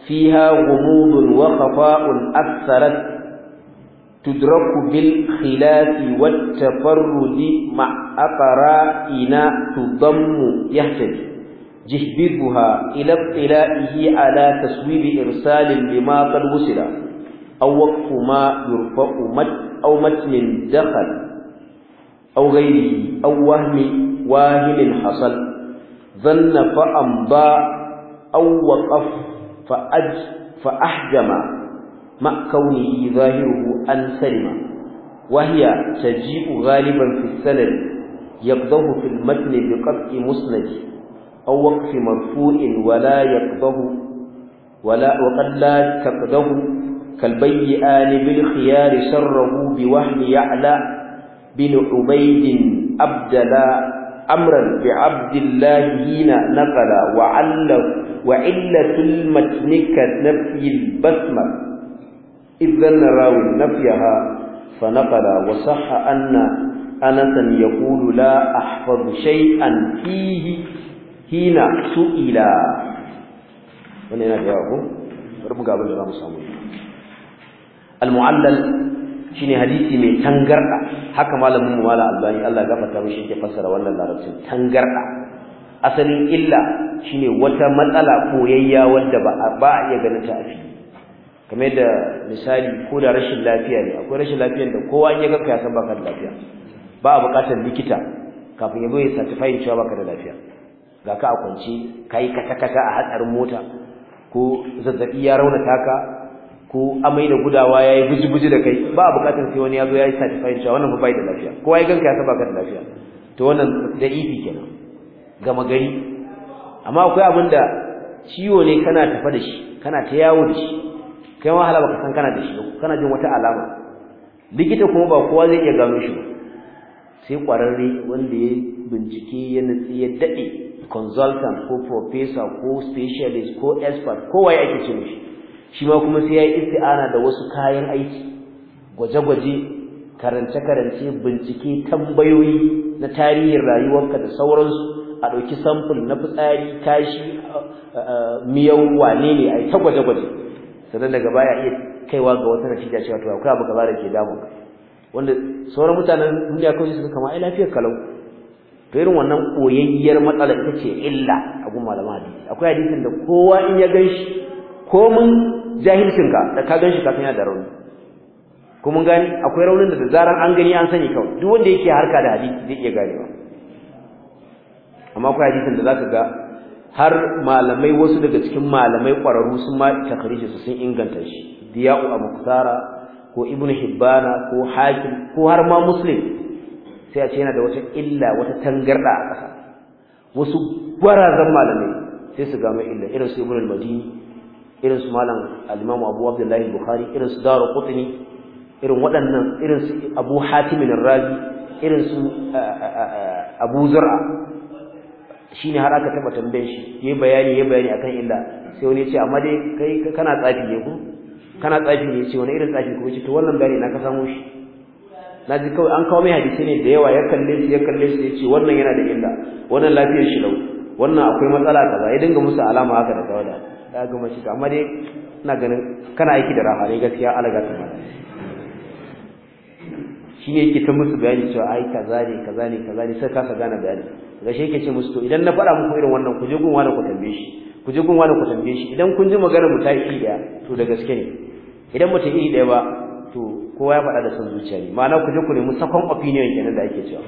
فيها غموض وخفاء أكثرت تدرك بالخلاف والتفرد مع أقرائنا تضم يهتدي جهببها إلى اطلاعه على تسويب إرسال لما قد وصل أو وقف ما يرفع مت أو متن دخل أو غيره أو وهم واهم حصل ظن فأمضى أو وقف فأج فأحجم مع كونه ظاهره أن سلم وهي تجيء غالبا في السند يقضه في المتن بقطع مسند أو وقف مرفوع ولا يقضه ولا وقد لا تقضه كالبيئان بالخيار سره بوهم يعلى بن عبيد أبدلا أمرا بعبد الله هنا نقلا وعله وعلة المتن كنفي البسمة إذا ظن نفيها فنقلا وصح أن أنسا يقول لا أحفظ شيئا فيه hina su ila. wannan yana da yawa ko bari ga abin zamu samu al-mu'allal shine hadisi mai tangarda haka malamin mu mala albani Allah ya gafarta mishi ke fassara wannan larabcin tangarda asalin illa shine wata matsala koyayya wanda ba ba iya ganin ta afi kamar da misali ko da rashin lafiya ne akwai rashin lafiyar da kowa in ya ga ka san baka da lafiya ba a buƙatar likita kafin ya zo ya certify cewa baka da lafiya ga ka a kwance yi kata-kata a hatsarin mota ko zazzabi ya rauna taka, ko amai da gudawa ya yi buji-buji da kai ba a bukatar sai wani ya zo ya yi certified cewa wannan bai da lafiya kowa ya ganka ya saba ka da lafiya to wannan da ifi kenan gama gari amma akwai abin da ciwo ne kana tafa da shi kana ta yawo da shi kai ma baka san kana da shi ba kana jin wata alama likita kuma ba kowa zai iya gano shi ba sai kwararre wanda ya bincike ya nutsi ya daɗe consultant ko professor ko specialist ko expert ko ya ake ce mishi shi ma kuma sai ya yi isti'ana da wasu kayan aiki gwaje-gwaje karance-karance bincike tambayoyi na tarihin rayuwarka da sauransu a ɗauki samfur na fitsari kashi miyau wane ne a yi ta gwaje-gwaje sannan daga baya iya kaiwa ga wata natija cewa to akwai abu kaza da ke damun wanda sauran mutanen duniya kawai suka kama ai lafiyar kalau to irin wannan koyayyar matsala ita ce illa a gun malama hadisi akwai hadisin da kowa in ya ganshi ko mun jahilcinka da ka ganshi shi kafin yana da rauni kuma gani akwai raunin da da zaran an gani an sani kawai duk wanda yake harka da hadisi zai iya ganewa amma akwai hadisin da za ka ga har malamai wasu daga cikin malamai ƙwararru sun ma takarishi su sun inganta shi diya'u abu kusara ko ibnu hibbana ko hakim ko har ma muslim sai a ce yana da wata illa wata tangarda a ƙasa wasu zan malamai sai su gano illa irin su ibn al-madini irin su malam al-imam abu abdullahi bukhari irin su daru qutni irin waɗannan irin abu hatim ar-razi irin abu abu zur'a shine har aka taba tambayar shi yayi bayani yayi bayani akan illa sai wani ya ce amma dai kai kana tsafi ne ku kana tsafi ne ce wani irin tsafi ko ce to wannan bayani na ka samu shi ji kawai an kawo mai hadisi ne da yawa ya kalle shi ya kalle shi ya ce wannan yana da illa wannan lafiyar shi lau wannan akwai matsala kaza ya dinga musu alama haka da tawada ya gama shi amma dai ina ganin kana aiki da rahane gaskiya alaga ta shi ne yake ta musu bayani cewa ai kaza ne kaza ne kaza ne sai kasa gane bayani ga shi yake ce musu to idan na faɗa muku irin wannan ku je gun wani ku tambaye shi ku je gun wani ku tambaye shi idan kun ji magana mu ta iri ɗaya to da gaske ne idan mutum iri daya ba kowa ya faɗa da son zuciya ne ma'ana ku je ku nemi second opinion kenan da ake cewa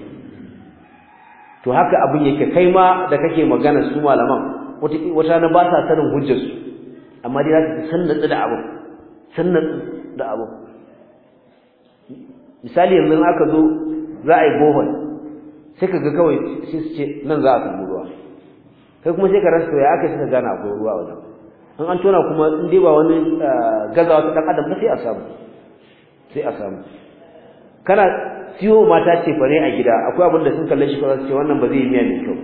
to haka abin yake kai ma da kake magana su malaman wata wata na ba sa sanin hujjar su amma dai za ka san natsu da abin san natsu da abin misali yanzu aka zo za a yi bohol sai ka ga kawai sai su ce nan za a samu ruwa kai kuma sai ka rasa ya aka suka gana akwai ruwa wajen in an tona kuma in dai ba wani eh, gazawa ta dan adam ba sai a samu sai a samu kana siyo mata ce fare a gida akwai abin da sun kalle shi kawai ce wannan ba zai yi miya mai kyau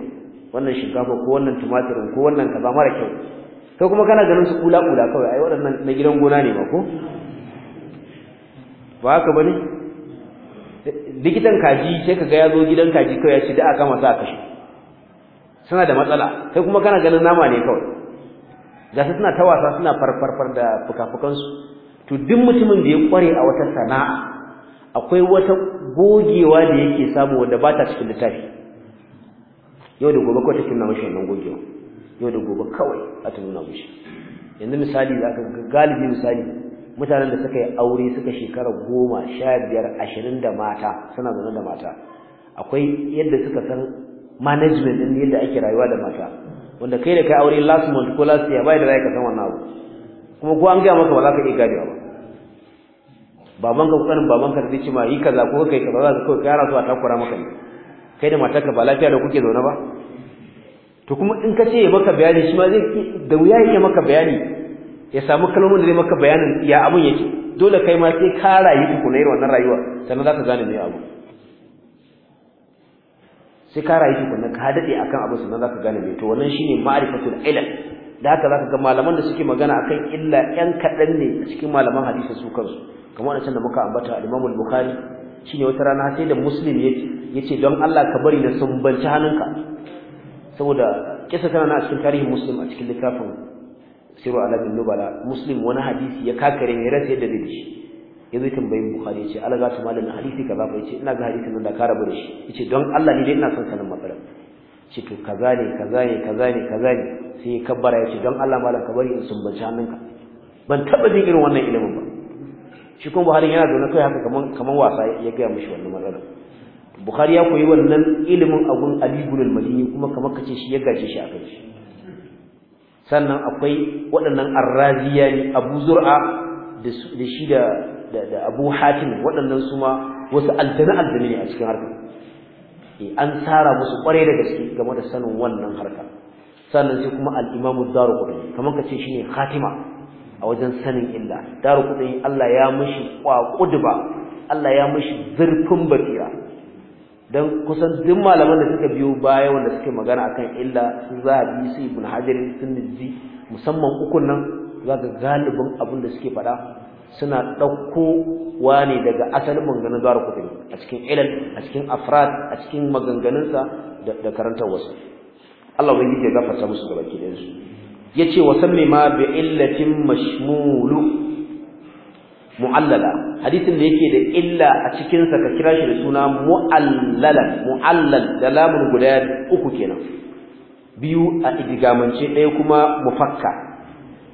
wannan shinkafa ko wannan tumatirin ko wannan kaza mara kyau to kuma kana ganin su kula kula kawai ai waɗannan na gidan gona ne ba ko ba haka bane likitan kaji sai kaga ya zo gidan kaji kawai ya ce da aka masa aka shi suna da matsala kai kuma kana ganin nama ne kawai ga su suna ta wasa suna farfarfar da fuka-fukansu to duk mutumin da ya kware a wata sana'a akwai wata gogewa da yake samu wanda ba ta cikin littafi yau da gobe ko take nuna mashi wannan gogewa yau da gobe kawai a ta nuna mashi yanzu misali za ka ga galibi misali mutanen da suka yi aure suka shekara goma sha biyar ashirin da mata suna zaune da mata akwai yadda suka san management ɗin yadda ake rayuwa da mata wanda kai da kai aure last month ko last year bai da rayuwa ka san wannan abu kuma ko an gaya maka ba za ka iya ganewa ba babanka kokarin ka da ce ma yi kaza ko kai kaza za ka kai kara su a takura maka ne kai da matarka ba lafiya da kuke zaune ba to kuma in ka ce ya maka bayani shi ma zai da wuya ya maka bayani ya samu kalmomin da zai maka bayanin ya abun yake dole kai ma sai ka rayu tukuna irin wannan rayuwa sannan za ka gane mai abu sai ka rayu na ka daɗe akan abu sannan za ka gane me to wannan shine ma'rifatul ilm da haka zaka ga malaman da suke magana akan illa ƴan kadan ne a cikin malaman hadisi su kansu kamar wannan da muka ambata Imam al-Bukhari shine wata rana sai da Muslim yace don Allah ka bari na sumbanci hannunka saboda kisa tana na cikin tarihin Muslim a cikin littafin Siru Alamin Nubala Muslim wani hadisi ya kakare ne rasa yadda zai shi yanzu tambayin Bukhari yace Allah za ta malamin hadisi kaza fa yace ina ga hadisin da ka rabu da shi yace don Allah ni dai ina son sanin matsalar ce to kaza ne kaza ne kaza ne kaza ne sai ya kabbara ya ce don Allah malam ka bari in sumbaci hannunka ban taba jin irin wannan ilimin ba shi kuma Buhari yana zaune kai haka kaman wasa ya gaya mishi wannan matsalar Buhari ya koyi wannan ilimin abun Ali ibn al-Madini kuma kamar kace shi ya gaje shi akai shi sannan akwai waɗannan arraziyani Abu Zur'a da shi da Abu Hatim waɗannan su ma wasu aljana aljani ne a cikin harkar an tsara musu kwarai da gaske game da sanin wannan harka sannan sai kuma al-imamu daruqutni kamar kace shine khatima a wajen sanin illa daruqutni Allah ya mishi ba Allah ya mishi zurfin basira dan kusan duk malaman da suka biyo baya wanda suke magana a kan illa su zabi su ibn hajar sun musamman ukun nan zaka galibin abin da suke faɗa suna ɗauko wane daga asalin maganganun zuwa kuturi a cikin ilal a cikin afrad a cikin maganganunsa da karantar wasu Allah wani ya gafarta musu gaba ki ɗansu ya ce wa san ma bi illatin mashmulu mu'allala hadisin da yake da illa a cikinsa ka kira shi da suna mu'allala mu'allal da lamun guda uku kenan biyu a idigamance ɗaya kuma mufakka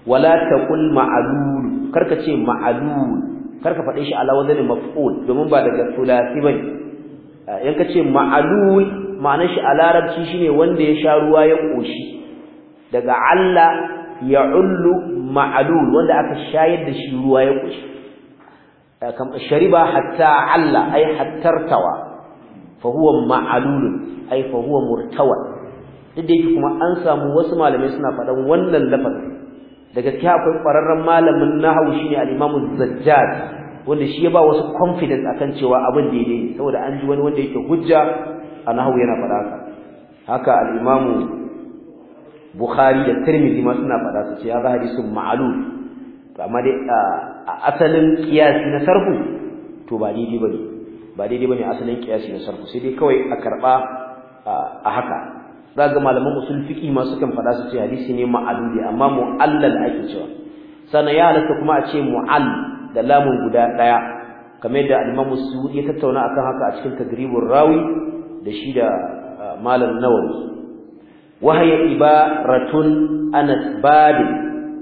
wala taqul ma'lul karka ce ma'alul karka faɗe shi ala wazanin maf'ul domin ba daga sulasi bane Yan eh, ka ce ma'alul ma'anar shi a larabci shine wanda ya sha ruwa ya koshi daga alla ya'ullu ma'alul wanda aka shayar da shi ruwa ya koshi eh, kam shariba hatta alla ay hattartawa fa huwa ma'alul ay fa huwa murtawa duk da yake kuma an samu wasu malamai suna faɗan wannan lafazin da gaskiya akwai ƙwararren malamin nahawu shine al-Imam Zajjaj wanda shi ya ba wasu confidence akan cewa abin daidai ne saboda an ji wani wanda yake hujja a nahawu yana faɗa haka haka al Bukhari da Tirmidhi ma suna faɗa su ce ya ga hadisin ma'lul to amma dai asalin kiyasi na sarfu to ba daidai bane ba daidai bane asalin kiyasi na sarfu sai dai kawai a karba a haka za ga malaman usul fiqi ma sukan faɗa su ce hadisi ne ma'aluli amma mu'allal ake cewa sana ya halatta kuma a ce mu'al da lamun guda ɗaya kamar yadda al-Imam ya tattauna akan haka a cikin tadribur rawi da shi da ah, malam Nawawi wa hiya ibaratun anas badin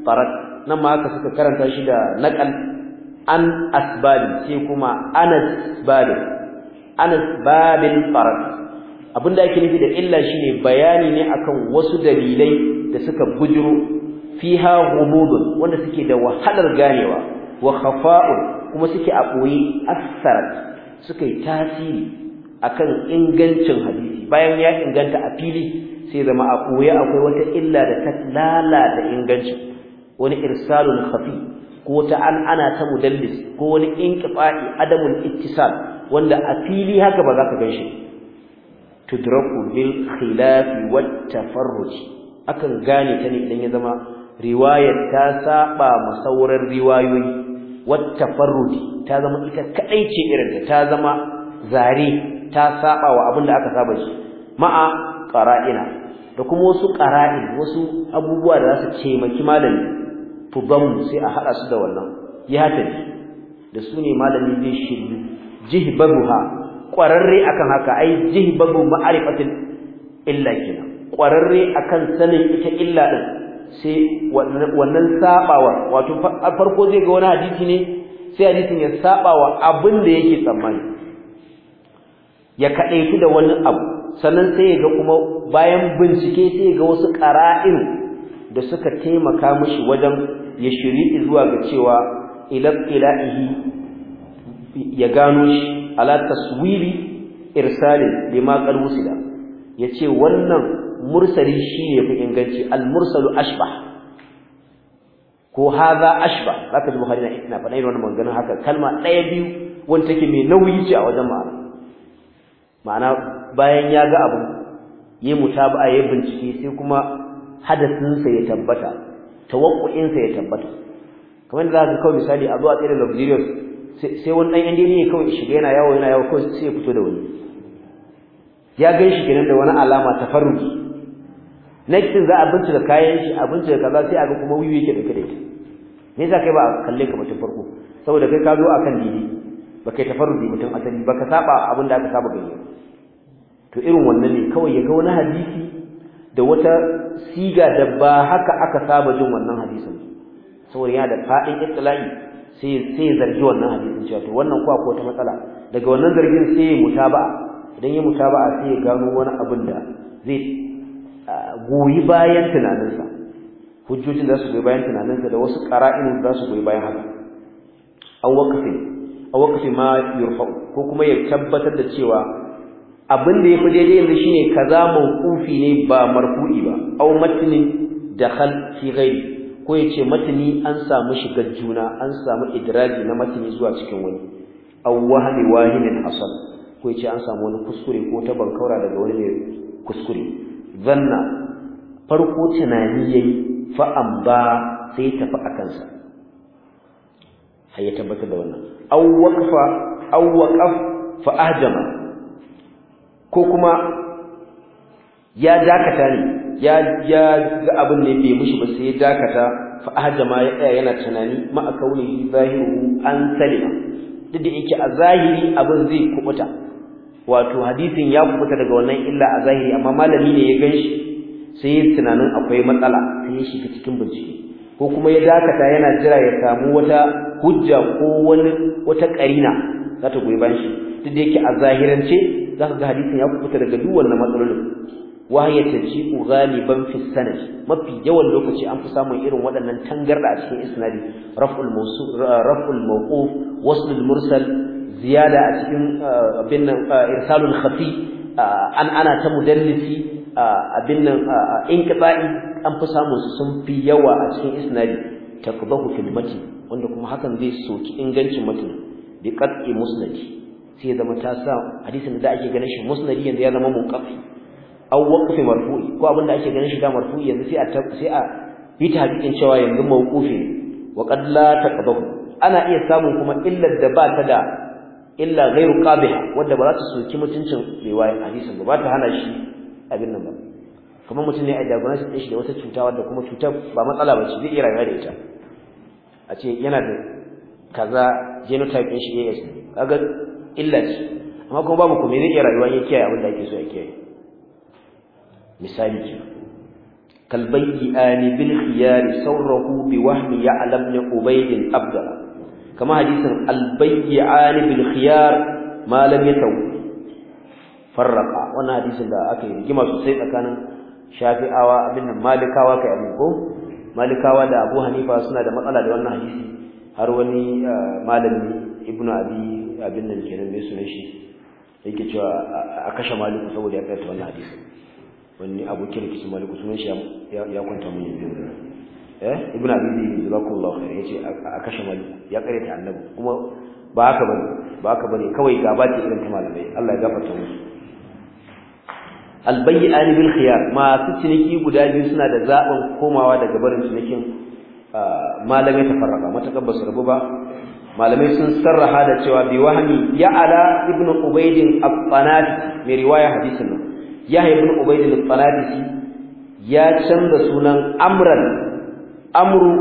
farat nan ma haka suka karanta shi da naqal an asbadi sai kuma anas badin anas babin farat abinda ake nufi da illa shine bayani ne akan wasu dalilai da suka bujiro fiha ghumudun wanda suke da wahalar ganewa wa khafa'un kuma suke a boye asarat suka yi tasiri akan ingancin hadisi bayan ya inganta a fili sai zama a boye akwai wata illa da ta lalata ingancin wani irsalun khafi ko ta an ana ta mudallis ko wani inqifa'i adamul ittisal wanda a fili haka ba za ka ganshi tudraku bil khilafi wat tafarruj akan gane ta ne idan ya zama riwayar ta saba sauran riwayoyi wat tafarruj ta zama ita kadai ce irin ta ta zama zare ta saba wa abin da aka saba shi ma'a qara'ina da kuma wasu qara'in wasu abubuwa da zasu su taimaki malami tudammu sai a hada su da wannan ya tafi da su ne malami zai shiru jihbaruha Kwararre akan haka ai jihbabu ma'rifatin illa kenan kwararre akan sanin ita illa din sai wannan sabawa wato farko zai ga wani hadisi ne sai hadisin ya sabawa abin da yake tsammani ya kadaitu da wani abu sannan sai ya ga kuma bayan bincike sai ga wasu qara'in da suka taimaka mishi wajen ya shiri zuwa ga cewa ila ilahi ya gano shi ala taswili irsali lima qad wusila yace wannan mursali shine fi inganci al mursalu ashbah ko hadha ashbah haka ji buhari na ina fa dai wannan magana haka kalma daya biyu wanda take mai nauyi ce a wajen ma'ana ma'ana bayan ya ga abu yayi mutaba'a yayi bincike sai kuma hadasinsa ya tabbata sa ya tabbata kamar da zaka kawo misali a zuwa tsere luxurious sai wani ɗan yan ne kawai shiga yana yawo yana yawo kawai sai ya fito da wani ya gan shi kenan da wani alama ta faruki next za a bincika kayan shi a bincika kaza sai a ga kuma wiwi yake ɗauke da ita me yasa kai ba a kalle ka mutum farko saboda kai ka zo a kan dini ba kai ta faruki mutum asali ba ka saba abin da aka saba gani to irin wannan ne kawai ya ga wani hadisi da wata siga da ba haka aka saba jin wannan hadisin saboda yana da fa'in ittila'i sai sai zargi wannan hadisin cewa to wannan kuwa ko ta matsala daga wannan zargin sai ya mutaba, idan ya mutaba sai ya gano wani abin da zai goyi bayan tunaninsa hujjojin za su goyi bayan tunaninsa da wasu qara'in za su goyi bayan haka An waqfi aw waqfi ma yurfa ko kuma ya tabbatar da cewa abin da fi daidai yanzu shine kaza mawqufi ne ba marfu'i ba aw matnin dakhal fi ghairi ko ya ce matani an samu shigar juna an samu idraji na matani zuwa cikin wani aw wahmi wahinin hasal ko ya ce an samu wani kuskure ko ta bankaura daga wani mai kuskure zanna farko tunani yayi fa amba sai tafi a kansa sai ya da wannan aw waqfa ko kuma ya dakata ne ya ya ga abin da bai mushi ba sai ya dakata fa ahjama ya tsaya yana tunani ma akauni zahiru an salima duk da yake a zahiri abin zai kubuta wato hadisin ya kubuta daga wannan illa a zahiri amma malami ne ya ganshi sai ya tunanin akwai matsala sai ya shiga cikin bincike ko kuma ya dakata yana jira ya samu wata hujja ko wani wata karina za ta goyi bashi. shi duk da yake a zahirance za ka ga hadisin ya kubuta daga duk wannan matsalolin wa ya taji'u fi sanad mafi yawan lokaci an fi samun irin waɗannan tangarda a cikin isnadi raf'ul mawsu raf'ul mawquf mursal ziyada a cikin eh, abin nan eh, irsalul khafi eh, an ana ta mudallisi abin nan inqita'i an fi samun su sun fi yawa a cikin isnadi takbahu fil mati wanda kuma hakan zai soki ingancin mutum bi qat'i musnadi sai zama ta sa hadisin da ake ganin shi musnadi yanzu ya zama munqati aw waqfi marfu'i ko abinda ake ganin shi da marfu'i yanzu sai a sai a yi tahqiqin cewa yanzu mawqufi wa qad la taqabahu ana iya samun kuma illar da ba ta da illa ghayru qabih wanda ba za ta soki mutuncin riwayar hadisin ba ta hana shi abin nan ba kamar mutum ne a jagoran shi shi da wata cuta wadda kuma cutar ba matsala ba ce zai iya rayuwa da ita a ce yana da kaza genotype din shi AS kaga illa ce amma kuma babu kuma zai iya rayuwa ya kiyaye abin da ake so ya kiyaye misali ke kalbayyi ani bil khiyari sawrahu bi wahmi ya'lam ni ubayd abda kama hadisin albayyi ani bil khiyar ma lam yataw wannan hadisin da aka yi rigima sosai tsakanin shafi'awa abin nan malikawa kai abin ko malikawa da abu hanifa suna da matsala da wannan hadisi har wani ah, malami ibnu abi abin nan kenan mai sunan shi yake cewa a kashe maliku saboda ya kai wannan hadisi wani abokin rikici maliku sunan shi ya kwanta mun yanzu eh ibn abi zaid jazakallahu khair yace a kashe maliku ya kare ta annabi kuma ba haka bane ba haka bane kawai gaba ce irin ta malamai Allah ya gafarta musu albay'an bil khiyar masu ciniki guda biyu suna da zaben komawa daga barin cinikin malamai ta tafarraka matakan basu rabu ba malamai sun sarraha da cewa bi wahmi ya ala ibnu ubaidin al mai riwaya hadisin nan yahya ibn ubayd al-faradisi ya canza sunan amran amru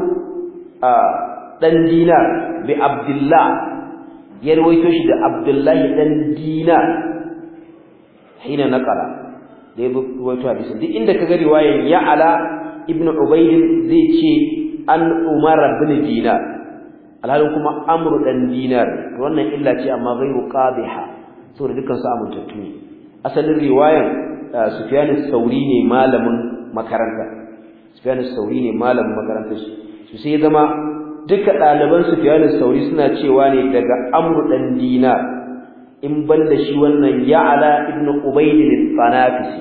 dan dinar bi abdullah ya rawaito shi da abdullahi dan dinar hina nakala da ya a bisa duk inda kaga riwayar ya ala ibn ubayd zai ce an umar ibn dinar alhalin kuma amru dan dinar wannan illa ce amma bai qabiha saboda dukkan su amintattu ne asalin riwayan uh, Sufyan sauri ne malamin makaranta Sufyan sauri ne malamin shi su sai zama duka ɗaliban Sufyan sauri suna cewa ne daga Amr dan Dinar in banda shi wannan Ya'la ibn Ubayd al Shi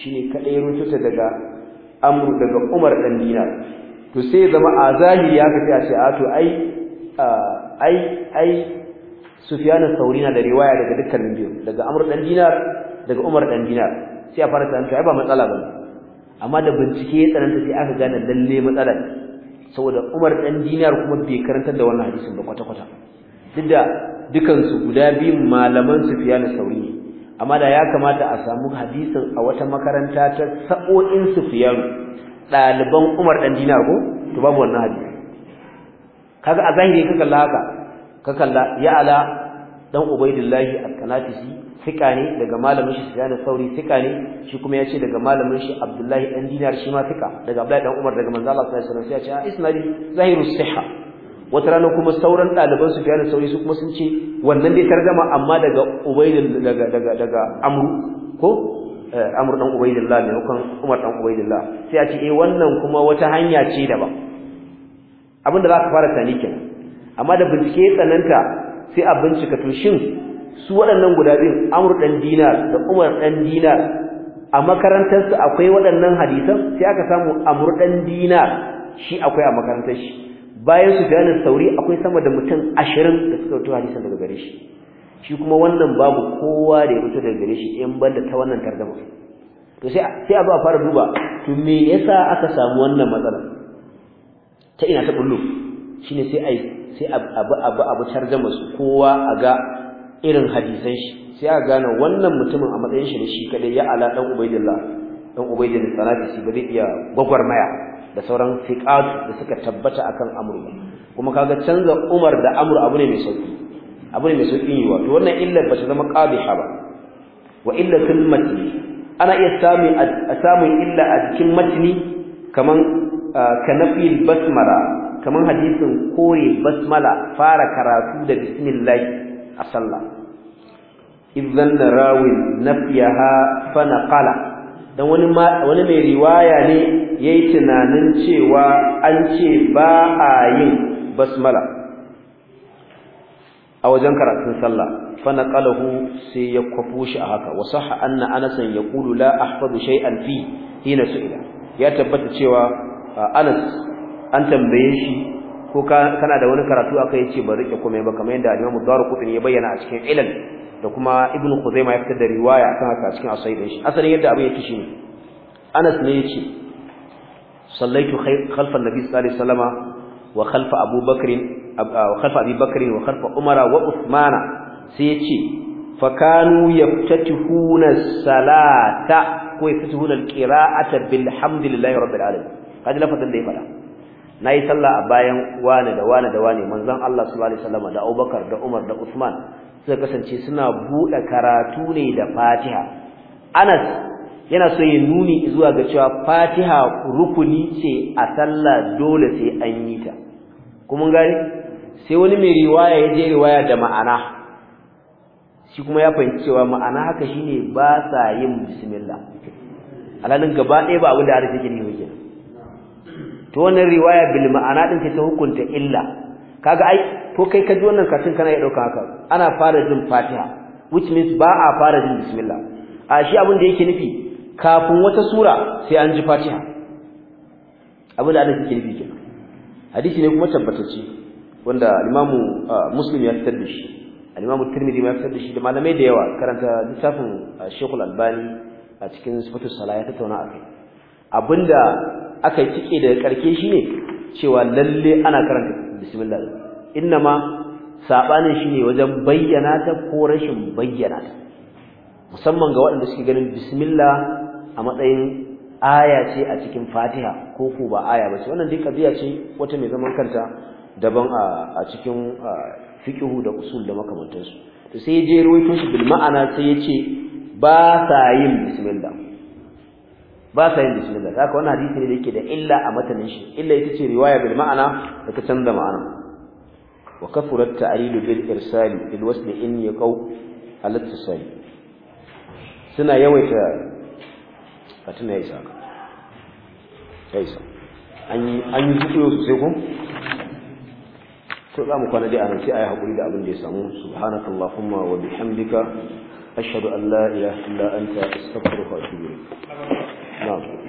shine kadai rututa daga Amr daga Umar dan Dinar to sai zama a zahiri ya kace a ce a to ai ai ai Sufyan sauri na da riwaya daga dukkanin biyu daga Amr dan Dinar daga Umar dan Dinar sai a fara tantance ai ba matsala bane amma da bincike ya tsananta sai aka gane lalle matsalar saboda Umar dan Dinar kuma bai karantar da wannan hadisin ba kwata kwata duk da dukan su guda biyu malaman Sufyan Sauri amma da ya kamata a samu hadisin a wata makaranta ta sa'o'in Sufyan daliban Umar dan Dinar ko to babu wannan hadisi kaga a zahiri ka kalla haka ka kalla ya ala dan ubaidillahi al-kanatisi sika ne daga malamin shi Sufyan Sauri sika ne shi kuma yace daga malamin shi Abdullahi dan Dinar shi ma sika daga Abdullahi dan Umar daga manzo Allah sallallahu alaihi wasallam sai ya ce a ah, isnadi zahiru sihha wata rana kuma sauran ɗaliban su Sufyan Sauri su kuma sun ce wannan dai tarjama amma daga Ubayd daga daga daga Amru ko eh, Amr dan Ubaydillah ne kan Umar dan Ubaydillah sai ya ce eh wannan kuma wata hanya ce daban abinda za ka fara tani kenan amma da bincike tsananta sai a bincika to shin su waɗannan guda biyun amur ɗan dinar da umar ɗan dinar a makarantarsu akwai waɗannan hadisan sai aka samu amur ɗan dinar shi akwai a makarantar shi bayan su gane sauri akwai sama da mutum ashirin da suka rutu hadisan daga gare shi shi kuma wannan babu kowa da ya rutu daga gare shi in da ta wannan targama to sai a ba fara duba to me yasa aka samu wannan matsala ta ina ta bullo shine sai ai sai abu abu abu tarjama su kowa a ga irin hadisan shi sai a gane wannan mutumin a matsayin shi ne shi kadai ya ala dan ubaidillah dan ubaidillah sanadisi ba zai iya gwagwarmaya da sauran fiqat da suka tabbata akan amru kuma kaga canza umar da amru abu ne mai sauki abu ne mai sauki yiwa to wannan illar ba ta zama qabiha ba wa illa fil matni ana iya samu a samu illa a cikin matni kaman kanafil basmala kaman hadisin kore basmala fara karatu da bismillah a sallah idan da rawin nafiyaha fa naqala wani wani mai riwaya ne yayi tunanin cewa an ce ba a yin basmala a wajen karatun sallah fana kalahu sai ya kwafo shi a haka wa sahha anasan ya yaqulu la ahfadu shai alfi hina ya tabbata cewa anas an tambaye shi ko kana da wani karatu aka yi ce ba rike komai ba kamar yadda Imam Daruqutni ya bayyana a cikin ilal da kuma Ibn Khuzaimah ya fitar da riwaya akan haka cikin asai din shi asalin yadda abin yake shine Anas ne yace sallaitu khalfa an-nabi sallallahu alaihi wasallama wa khalfa Abu Bakr ah, wa khalfa Abi Bakr wa khalfa Umar wa Uthman sai yace fa kanu yaftatihuna salata ko yaftatihuna al-qira'ata bilhamdillahi rabbil alamin kaji lafazin da ya fada nayi sallah a bayan wani da wani da wani manzon Allah sallallahu alaihi wasallam da Abubakar da Umar da Usman suka kasance suna bude karatu ne da Fatiha Anas yana so ya nuni zuwa ga cewa Fatiha rukuni ce a sallah dole sai an yi ta kuma gari sai wani mai riwaya ya je riwaya da ma'ana shi kuma ya fahimci cewa ma'ana haka shine ba sa yin bismillah alalin gaba ɗaya ba abin da arziki ne yake to wannan riwaya bil ma'ana din ce ta hukunta illa kaga ai ko kai ka ji wannan kafin kana ya dauka haka ana fara jin Fatiha which means ba a fara jin bismillah a shi abin da yake nufi kafin wata sura sai an ji Fatiha abin da Allah yake nufi kenan hadisi ne kuma tabbatacce wanda imamu Muslim ya fitar da shi Al-Imam Tirmidhi ya fitar da shi da malamai da yawa karanta littafin Sheikh albani a cikin sifatus salaya ya tauna akai abinda aka cike da daga karke ne cewa lalle ana karanta bismillah inna ma sabanin shine wajen bayyana ta ko rashin bayyana ta musamman ga waɗanda suke ganin bismillah a matsayin aya ce a cikin Fatiha ko ko ba aya ba ce wannan dai kabiya ce wata mai zaman kanta daban a cikin fiqhu da usul da makamantansu to sai ya je ruwaito shi bil ma'ana sai ya ce ba sa yin bismillah ba sa yin bismillah ka wani hadisi ne da yake da illa a matanin shi illa ita ce riwaya bil ma'ana da ka canza ma'ana wa kafurat ta'lilu bil irsali bil wasl in yaqau al ittisal suna yawaita fatina isa isa an yi an yi zuwa sosai ko to za mu kwana dai a nan sai ayi hakuri da abin da ya samu subhanakallahumma wa bihamdika ashhadu an la ilaha illa anta astaghfiruka wa atubu ilayk none.